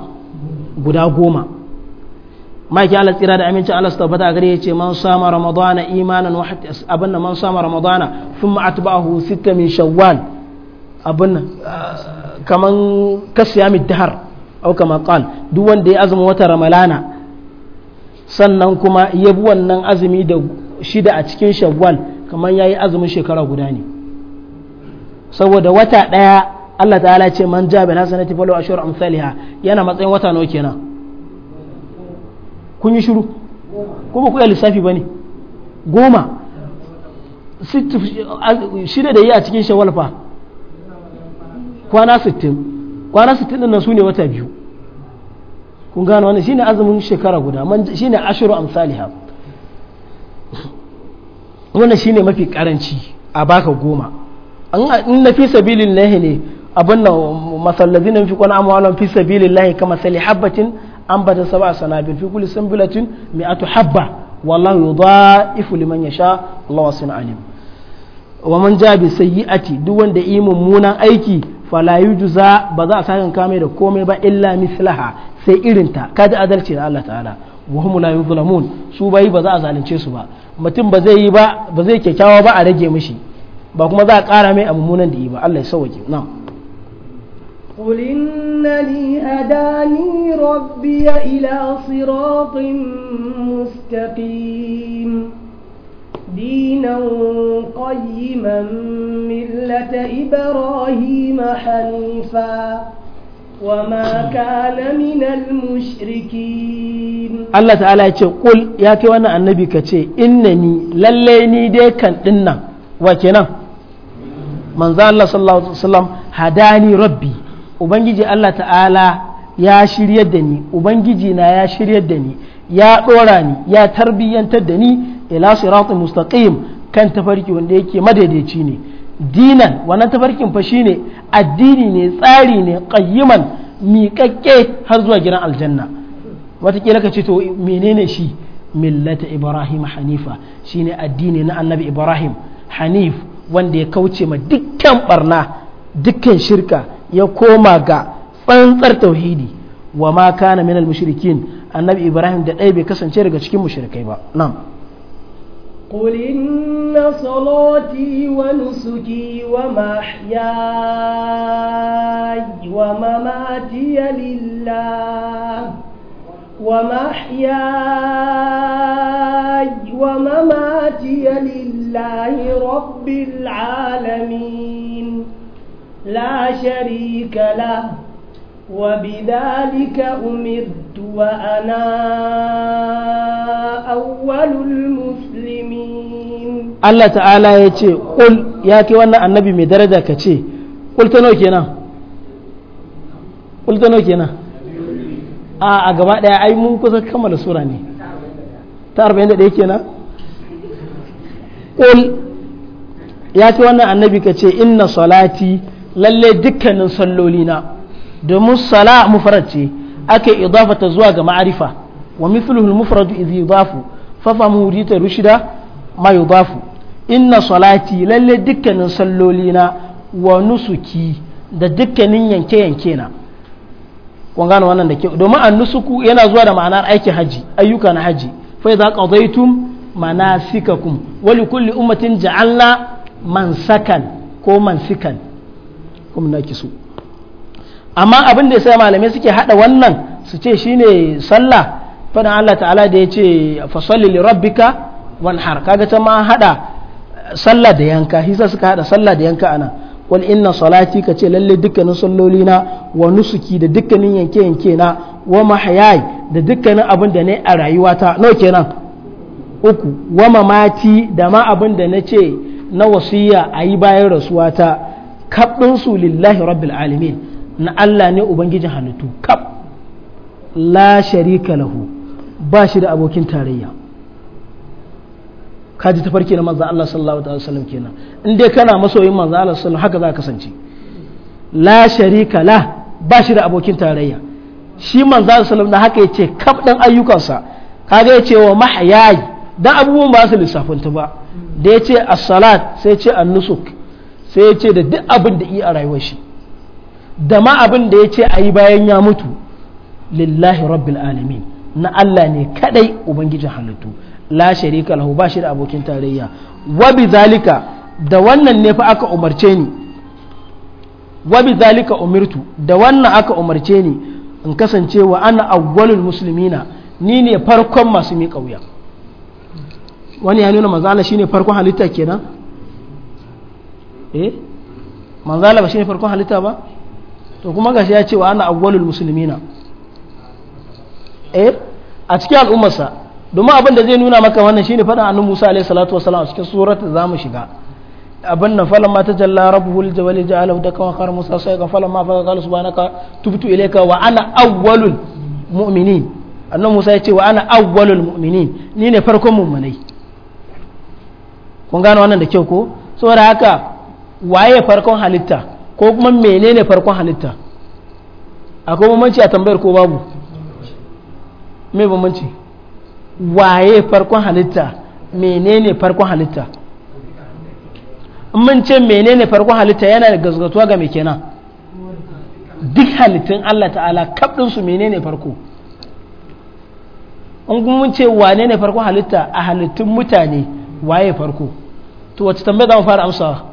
guda goma maki ala tsira da amincin Allah su tabbata gare ya ce man sama ramadana imanan wa abinda man sama ramadana thumma atba'ahu sitta min shawwal abinda ah, kaman kasiyami dahar au kama qal duk wanda ya azumi wata ramalana sannan kuma ya bi wannan azumi da shida a cikin shawwal kaman yayi azumin shekara guda ne saboda wata daya Allah ta'ala ce man ja bi hasanati falu ashur amsalha yana matsayin wata nawa kenan kun yi shiru ko ba ku yi lissafi ba ne goma shida da yi a cikin shawal fa kwana sittin kwana sittin ɗin nan su ne wata biyu kun gano wannan shine azumin shekara guda shine ashiru amsaliha wannan shine mafi karanci a baka goma in na fi sabilillahi ne abin nan na fi kwana amwalan fi sabilillahi kama sali habbatin an bada sab'a sanabin fi kulli mai mi'atu habba wallahu ifu liman sha Allah wasin alim wa man ja bi ati duk wanda yi mummunan aiki fala yujza ba za a sakan kame da komai ba illa mislaha sai irin ta kada adalci da Allah ta'ala wa hum la yuzlamun su bai ba za a zalunce su ba mutum ba zai yi ba ba zai kyakkyawa ba a rage mishi ba kuma za a kara mai a mummunan da yi ba Allah ya sauke na'am قل إنني هداني ربي إلى صراط مستقيم دينا قيما ملة إبراهيم حنيفا وما كان من المشركين الله تعالى يقول قل يا كوانا النبي كتي إنني لليني دي كان إنا وكنا من ذا الله صلى الله عليه وسلم هداني ربي ubangiji Allah ta'ala ya shiryar da ni ubangiji na ya shiryar da ni ya ɗora ni ya tarbiyyantar da ni ila siratun mustaqim kan tafarki wanda yake madaidaici ne dinan wannan tafarkin fa shine addini ne tsari ne qayyiman miƙaƙƙe har zuwa gidan aljanna watakila ka ce to menene shi millata ibrahim hanifa shine addini na annabi ibrahim hanif wanda ya kauce ma dukkan barna dukkan shirka ya koma ga tsantsar tauhidi wa ma kana minal mushrikin annabi ibrahim da ɗaya bai kasance daga cikin mushrikai ba nan قل إن صلاتي ونسكي ومحياي ومماتي لله ومحياي ومماتي لله رب العالمين لا شريك له وبذلك أمرت وأنا أول المسلمين الله تعالى يتي قل ياكي وانا النبي مدرجة كتي قل تنوكينا قل تنوكينا آه أقبع دي أي منكوزة كمال سورة ني تعرف عند دي كينا قل ياكي وانا النبي كتي إن صلاتي lalle dukkanin sallolina domin sala mufarad ce ake idafata zuwa ga ma'arifa wa mithluhu al-mufrad idh yudafu fa fa rita rushida ma yudafu inna salati lalle dukkanin sallolina wa nusuki da dukkanin yanke yanke na kun gane wannan da ke domin an nusuku yana zuwa da ma'anar aikin haji ayyuka na haji fa idza qadaytum manasikakum wa likulli ummatin ja'alna mansakan ko mansikan Kuma na nakisu amma abin da ya sai malamai suke hada wannan su ce shine sallah fadan Allah ta'ala da yace fa salli li rabbika wanhar kaga ta ma hada sallah da yanka hisa suka hada sallah da yanka ana wal inna salati ka ce lalle dukkanin salloli na wa nusuki da dukkanin yanke yanke na wa mahyai da dukkanin abin da ne a rayuwata nawa kenan uku wa mamati da ma abin da na ce na wasiya a yi bayan rasuwata kaɗin su lillahi rabbil alamin na Allah ne ubangijin halittu kaf la sharika lahu ba shi da abokin tarayya kaji ta farki na manzo Allah sallallahu alaihi wasallam kenan in dai kana masoyin manzo Allah sallallahu haka za ka kasance la sharika la ba shi da abokin tarayya shi manzo Allah sallallahu da haka yace kaf dan ayyukansa kaga yace wa mahyayi dan abubuwan ba su lissafinta ba da yace as-salat sai yace an-nusuk sai ya ce da duk abin da iya a rayuwar shi da ma abin da ya ce a yi bayan ya mutu lillahi rabbil alamin na Allah ne kadai ubangijin halittu la sharika lahu ba shi da abokin tarayya wa bi zalika da wannan ne fa aka umarce ni wa bi zalika umirtu da wannan aka umarce ni in kasance wa ana awwalul muslimina ni ne farkon masu miƙa wuya wani ya nuna manzo Allah shine farkon halitta kenan eh manzo ba shine farkon halitta ba to kuma gashi ya ce wa ana awwalul muslimina eh a cikin al'ummarsa domin abin da zai nuna maka wannan shine faɗin annabi Musa alaihi salatu wasalam a cikin surat da zamu shiga abin nan falan ma ta jalla rabbuhu aljawali ja'alahu daka wa khar Musa sai ga falan ma fa qala subhanaka tubtu ilayka wa ana awwalul mu'minin annabi Musa ya ce wa ana awwalul mu'minin ni ne farkon mu'minai kun gano wannan da kyau ko saboda haka waye farkon halitta ko kuma menene farkon halitta akwai bambanci a tambayar ko babu me bambanci waye farkon halitta menene farkon halitta mun ce menene farkon halitta yana da gazgatuwa ga mai kenan duk halittun Allah ta'ala kaɗinsu menene farko in kuma mun ce wane ne farkon halitta a halittun mutane waye farko to wacce tambaya za mu fara amsawa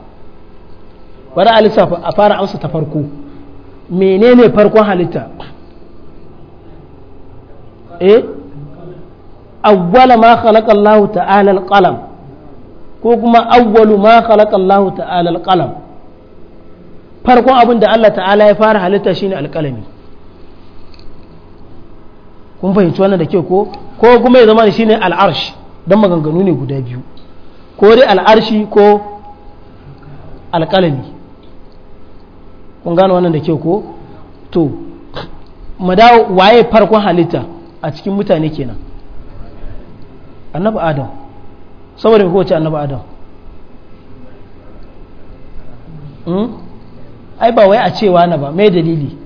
bari a lissafa a fara amsa ta farko menene farkon halitta eh awwala ma khalaqa Allah ta'ala al-qalam ko kuma awwalu ma khalaqa Allah ta'ala al-qalam farkon abin da Allah ta'ala ya fara halitta shine alƙalami kun fahimci wannan da ke ko ko kuma ya zama shine al-arsh don maganganu ne guda biyu ko dai al'arshi ko alƙalami kun gano wannan da kyau ko to mu waye farkon halitta a cikin mutane kenan annabi adam saboda ko ce annabi adam hmm? ai ba wai a cewa na ba mai dalili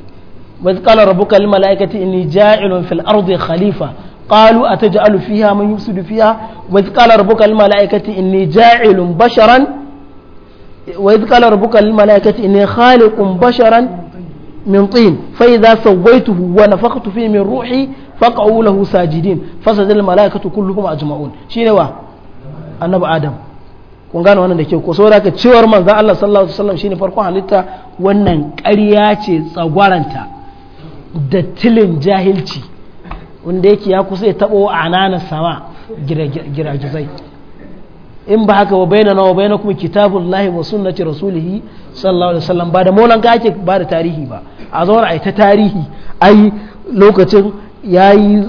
wasu qala rabbuka lil malaikati inni ja'ilun fil ardi khalifa qalu ataj'alu fiha man yufsidu fiha wa qala rabbuka lil malaikati inni ja'ilun basharan wa idh qala rabbuka lil malaikati basharan min tin fa idza sawaituhu wa nafakhtu min ruhi faq'u lahu sajidin fasajada al malaikatu kulluhum ajma'un shine wa annabi adam kun gane wannan da kyau ko saboda ka cewar manzon Allah sallallahu alaihi wasallam shine farkon halitta wannan ƙarya ce tsagwaranta dattilin jahilci wanda yake ya kusa ya taɓo a ananan sama giragizai in ba haka wa bayyana wa bayyana kuma kitabullahi wa sunnati rasulihi sallallahu alaihi wasallam ba da maulan ka ake ba da tarihi ba a zauna ai ta tarihi ai lokacin yayi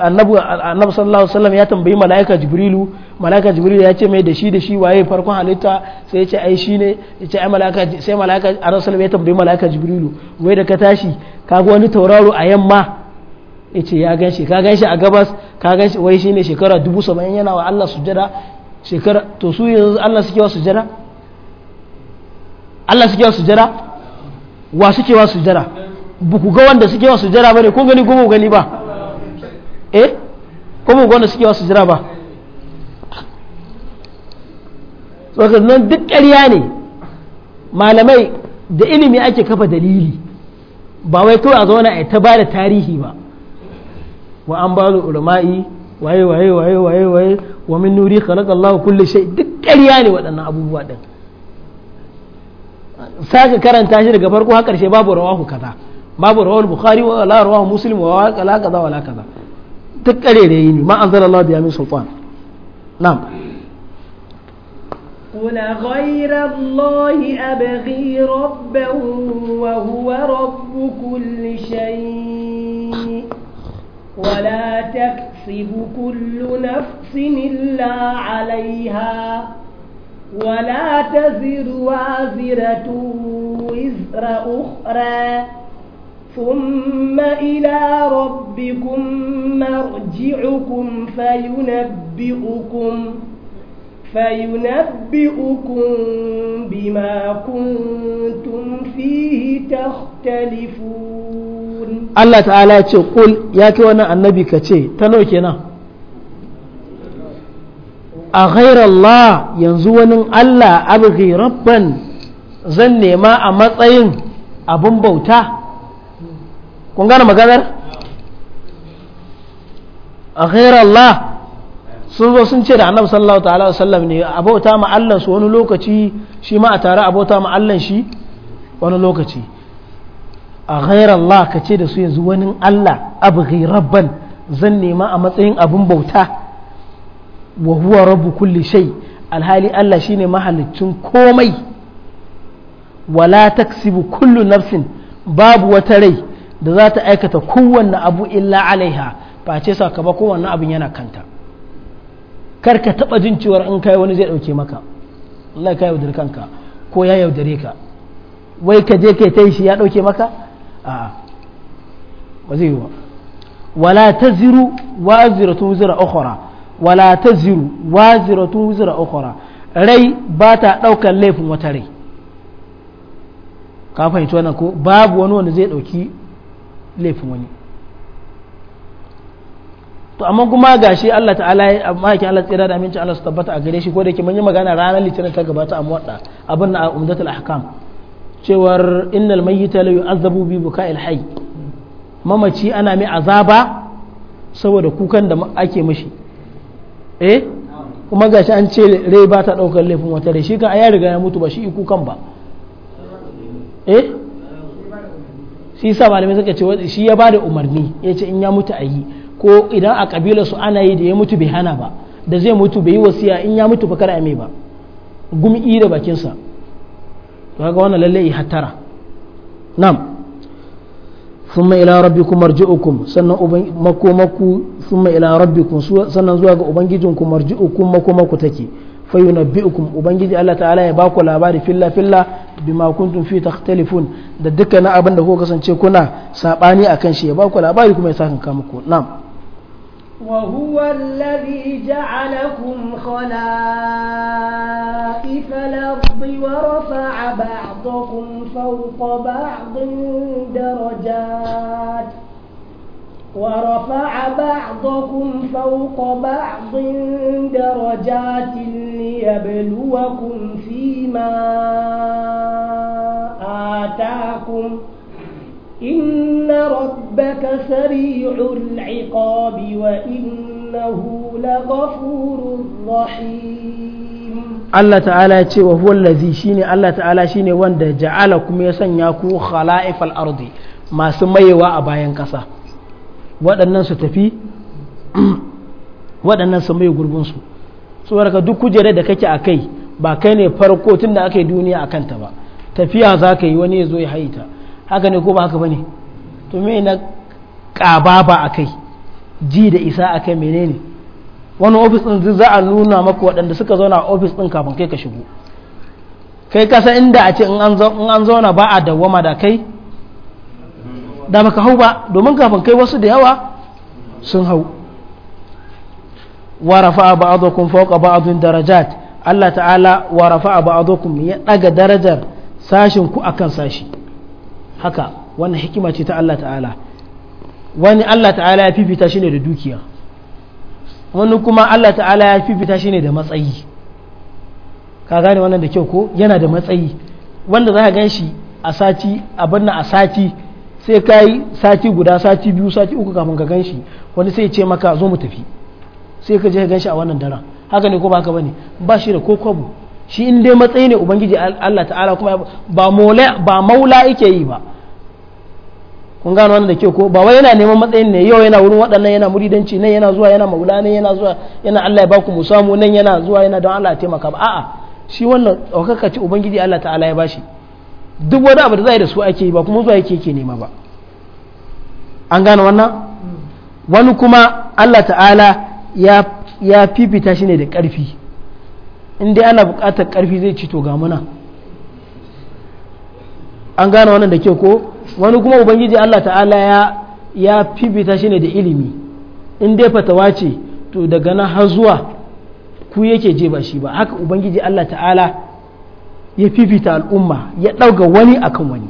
annabi annabi sallallahu alaihi wasallam ya tambayi malaika jibrilu malaika jibrilu ya ce mai da shi da shi waye farkon halitta sai ya ce ai shine ya ce ai malaika sai malaika annabi sallallahu ya tambayi malaika jibrilu wai da ka tashi kaga wani tauraro a yamma ya ce ya ganshi ka ganshi a gabas ka ganshi wai shine shekara dubu yana wa Allah sujjada shekara to su yanzu Allah suke wa jara Allah suke wa jara wa suke wa jara ba ku ga wanda suke wa sujada bane kun gani ko gani ba eh ko mu ga wanda suke wa jira ba saboda nan duk ƙarya ne malamai da ilimi ake kafa dalili ba wai kawai a zauna a ta ba da tarihi ba wa an ba ulama'i waye waye waye waye waye wa min nuri khalaqa Allahu kulli shay duk ƙarya ne waɗannan abubuwa din saka karanta shi daga farko har karshe babu rawahu kaza babu rawahu bukhari wa la rawahu muslim wa la kaza wa la kaza duk ƙarerayi ne ma anzalallahu biya min sultan na'am قل غير الله أبغي ربا وهو رب كل شيء ولا تكسب كل نفس إلا عليها ولا تزر وازرة وزر أخرى ثم إلى ربكم مرجعكم فينبئكم فينبئكم بما كنتم فيه تختلفون الله تعالى يقول قل يا كوانا النبي كتي تنو كنا أغير الله ينزون الله أبغي ربا zanne ma a matsayin abin bauta kun gane maganar a Allah sun zo sun ce da annabi sallallahu ta'ala wasallam ne abota ma su wani lokaci shi ma a tare abota ma shi wani lokaci a Allah ka ce da su yanzu wani Allah abu rabban zan nema a matsayin abin bauta wa huwa rabbu kulli shai alhali Allah shine mahalicin komai wala taksibu kullu nafsin babu wata rai da za ta aikata kowanne abu illa alaiha face sakamakon wannan abin yana kanta kar ka taba jin cewar in kai wani zai dauke maka Allah ka yaudare kanka ko ya yaudare ka wai ka je kai ta shi ya dauke maka a'a ba zai yi ba wala taziru waziratu zira ukhra wala taziru waziratu zira ukhra rai ba ta daukan laifin wata rai ka fahimci wannan ko babu wani wanda zai dauki laifin wani to amma kuma gashi Allah ta'ala ya amma yake Allah tsira da aminci Allah su tabbata a gare shi ko da yake mun yi magana ranar litinin ta gabata a muwadda abin na umdatul ahkam cewar innal mayyita la yu'azzabu bi buka'il hayy mamaci ana mai azaba saboda kukan da ake mishi eh kuma gashi an ce rai ba ta daukar laifin wata rai shi kan ya riga ya mutu ba shi kukan ba eh shi sa malamai suka ce shi ya bada umarni yace in ya mutu a yi ko idan a kabila su ana yi da ya mutu bai hana ba da zai mutu bai yi wasiya in ya mutu bakar ame mai ba gumi da bakinsa to ga wannan lalle hatara, nam thumma ila rabbikum marji'ukum sannan makomaku thumma ila rabbikum sannan zuwa ga ubangijinku marji'ukum makomaku take fayunabbi'ukum ubangiji Allah ta'ala ya baku labari filla filla bima kuntum fi takhtalifun da dukkan abin da kuka kasance kuna sabani akan shi ya baku labari kuma ya saka muku na'am وهو الذي جعلكم خلائف الأرض ورفع بعضكم فوق بعض درجات ورفع بعضكم فوق بعض درجات ليبلوكم فيما إنك سريع العقاب وإنه لغفور رحيم الله تعالى يقول وهو الذي شيني الله تعالى شيني وند جعلكم يسنياكو خلائف الأرض ما سميوا أباين كسا waɗannan su tafi waɗannan su mai gurbinsu saboda ka duk kujerar da kake a kai ba kai ne farko tun da aka yi duniya a kanta ba tafiya za ka yi wani ya zo ya haita haka ne ko ba haka ba ne to me na ƙaba ba a kai ji da isa a kai menene wani ofis ɗin za a nuna maka waɗanda suka zauna a ofis ɗin kafin kai ka shigo kai kasa inda a ce in an zauna ba a dawwama da kai da baka hau ba domin kafin kai wasu da yawa sun hau wa rafa'a ba a ba'dhin darajat Allah ta'ala wa rafa'a ba'dakum ya ɗaga darajar sashin ku akan sashi haka wannan hikima ce ta Allah ta'ala wani Allah ta'ala ya fifita shi ne da dukiya wani kuma Allah ta'ala ya fifita shi ne da matsayi ka gane wannan da kyau ko yana da matsayi wanda za ka gan shi a sati abin a sati sai ka yi sati guda sati biyu sati uku kafin ka gan shi wani sai ce maka zo mu tafi sai ka je ka gan shi a wannan daren haka ne ko ba haka bane ba shi da ko kwabo shi in dai matsayi ne ubangiji Allah ta'ala kuma ba maula yake yi ba kun gano wannan da ke ko ba wai yana neman matsayin ne yau yana wurin waɗannan yana muridanci nan yana zuwa yana maula nan yana zuwa yana Allah ya baku musamu nan yana zuwa yana don Allah ya taimaka ba a'a shi wannan ɗaukaka ce ubangiji Allah ta'ala ya bashi duk wani abu da yi da su ake yi ba kuma zuwa yake yake nema ba an gano wannan wani kuma Allah ta'ala ya ya fifita shi ne da ƙarfi in dai ana buƙatar ƙarfi zai ci to ga muna an gano wannan da ke ko wani kuma ubangiji Allah ta'ala ya ya fifita shi ne da ilimi in dai fatawa ce to daga na har zuwa ku yake je ba shi ba haka ubangiji Allah ta'ala ya fifita al'umma ya ɗauga wani akan wani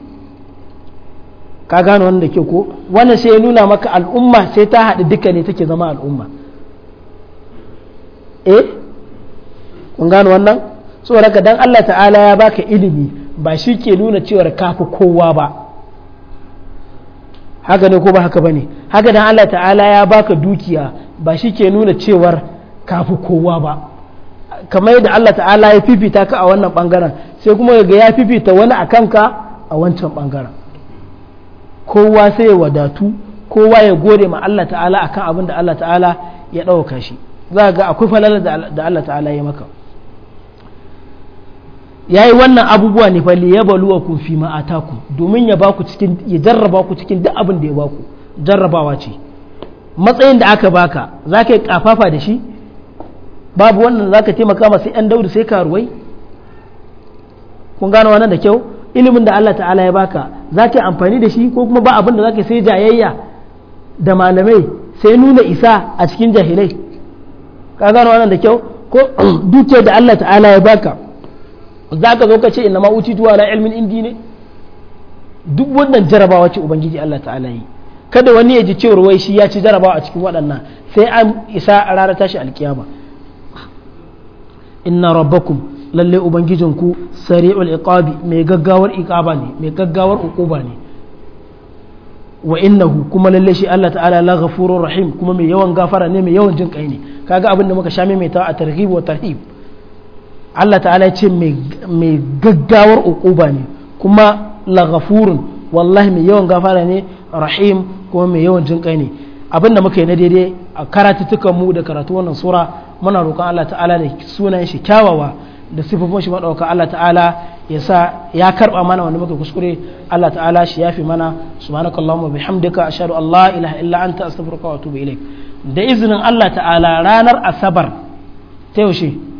ka gano wanda ke ko wannan sai ya nuna maka al'umma sai ta haɗu duka ne take zama al'umma eh kun gano wannan saboda dan Allah ta'ala ya baka ilimi ba shi ke nuna cewar kafi kowa ba haka ne ko ba haka bane haka dan Allah ta'ala ya baka dukiya ba shi ke nuna cewar kafi kowa ba kamar yadda Allah ta'ala ya fifita ka a wannan bangaren sai kuma ga ya fifita wani a kanka a wancan bangaren kowa sai ya wadatu kowa ya gode ma Allah ta'ala akan abin da Allah ta'ala ya ɗauka shi za ga akwai falalar da Allah ta'ala ya maka ya yi wannan abubuwa ne fa baluwa ku fi ku domin ya baku cikin ya jarraba ku cikin duk abin da ya baku jarrabawa ce matsayin da aka baka za ka yi kafafa da shi babu wannan za ka taimaka masu yan daudu sai karuwai kun gano wannan da kyau ilimin da Allah ta'ala ya baka za ka yi amfani da shi ko kuma ba abin da za ka sai jayayya da malamai sai nuna isa a cikin jahilai ka gano wannan da kyau ko dukiyar da Allah ta'ala ya baka za ka zo ka ce inna ma tuwa na ilmin indi ne duk wannan jarabawa ce ubangiji Allah ta'ala yi kada wani ya ji cewar wai shi ya ci jarabawa a cikin waɗannan sai an isa a ranar tashi alkiyama inna rabbakum lalle ubangijinku sari'ul iqabi mai gaggawar iqaba ne mai gaggawar uquba ne wa innahu kuma lalle shi Allah ta'ala la ghafurur rahim kuma mai yawan gafara ne mai yawan jin kai ne kaga abin da muka sha mai ta a targhib wa tarhib Allah ta'ala ya ce mai gaggawar uquba ne kuma laghafurun wallahi mai yawan gafara ne rahim kuma mai yawan kai ne abinda muka yi na daidai a karatutukan mu da karatu wannan sura muna roƙon Allah ta'ala da sunan shi kyawawa da sifofin shi madauka Allah ta'ala ya sa ya karba mana wanda muka kuskure Allah ta'ala shi yafi mana subhanakallahumma bihamdika ashhadu an la ilaha illa anta astaghfiruka wa atubu ilaik da izinin Allah ta'ala ranar asabar ta yaushe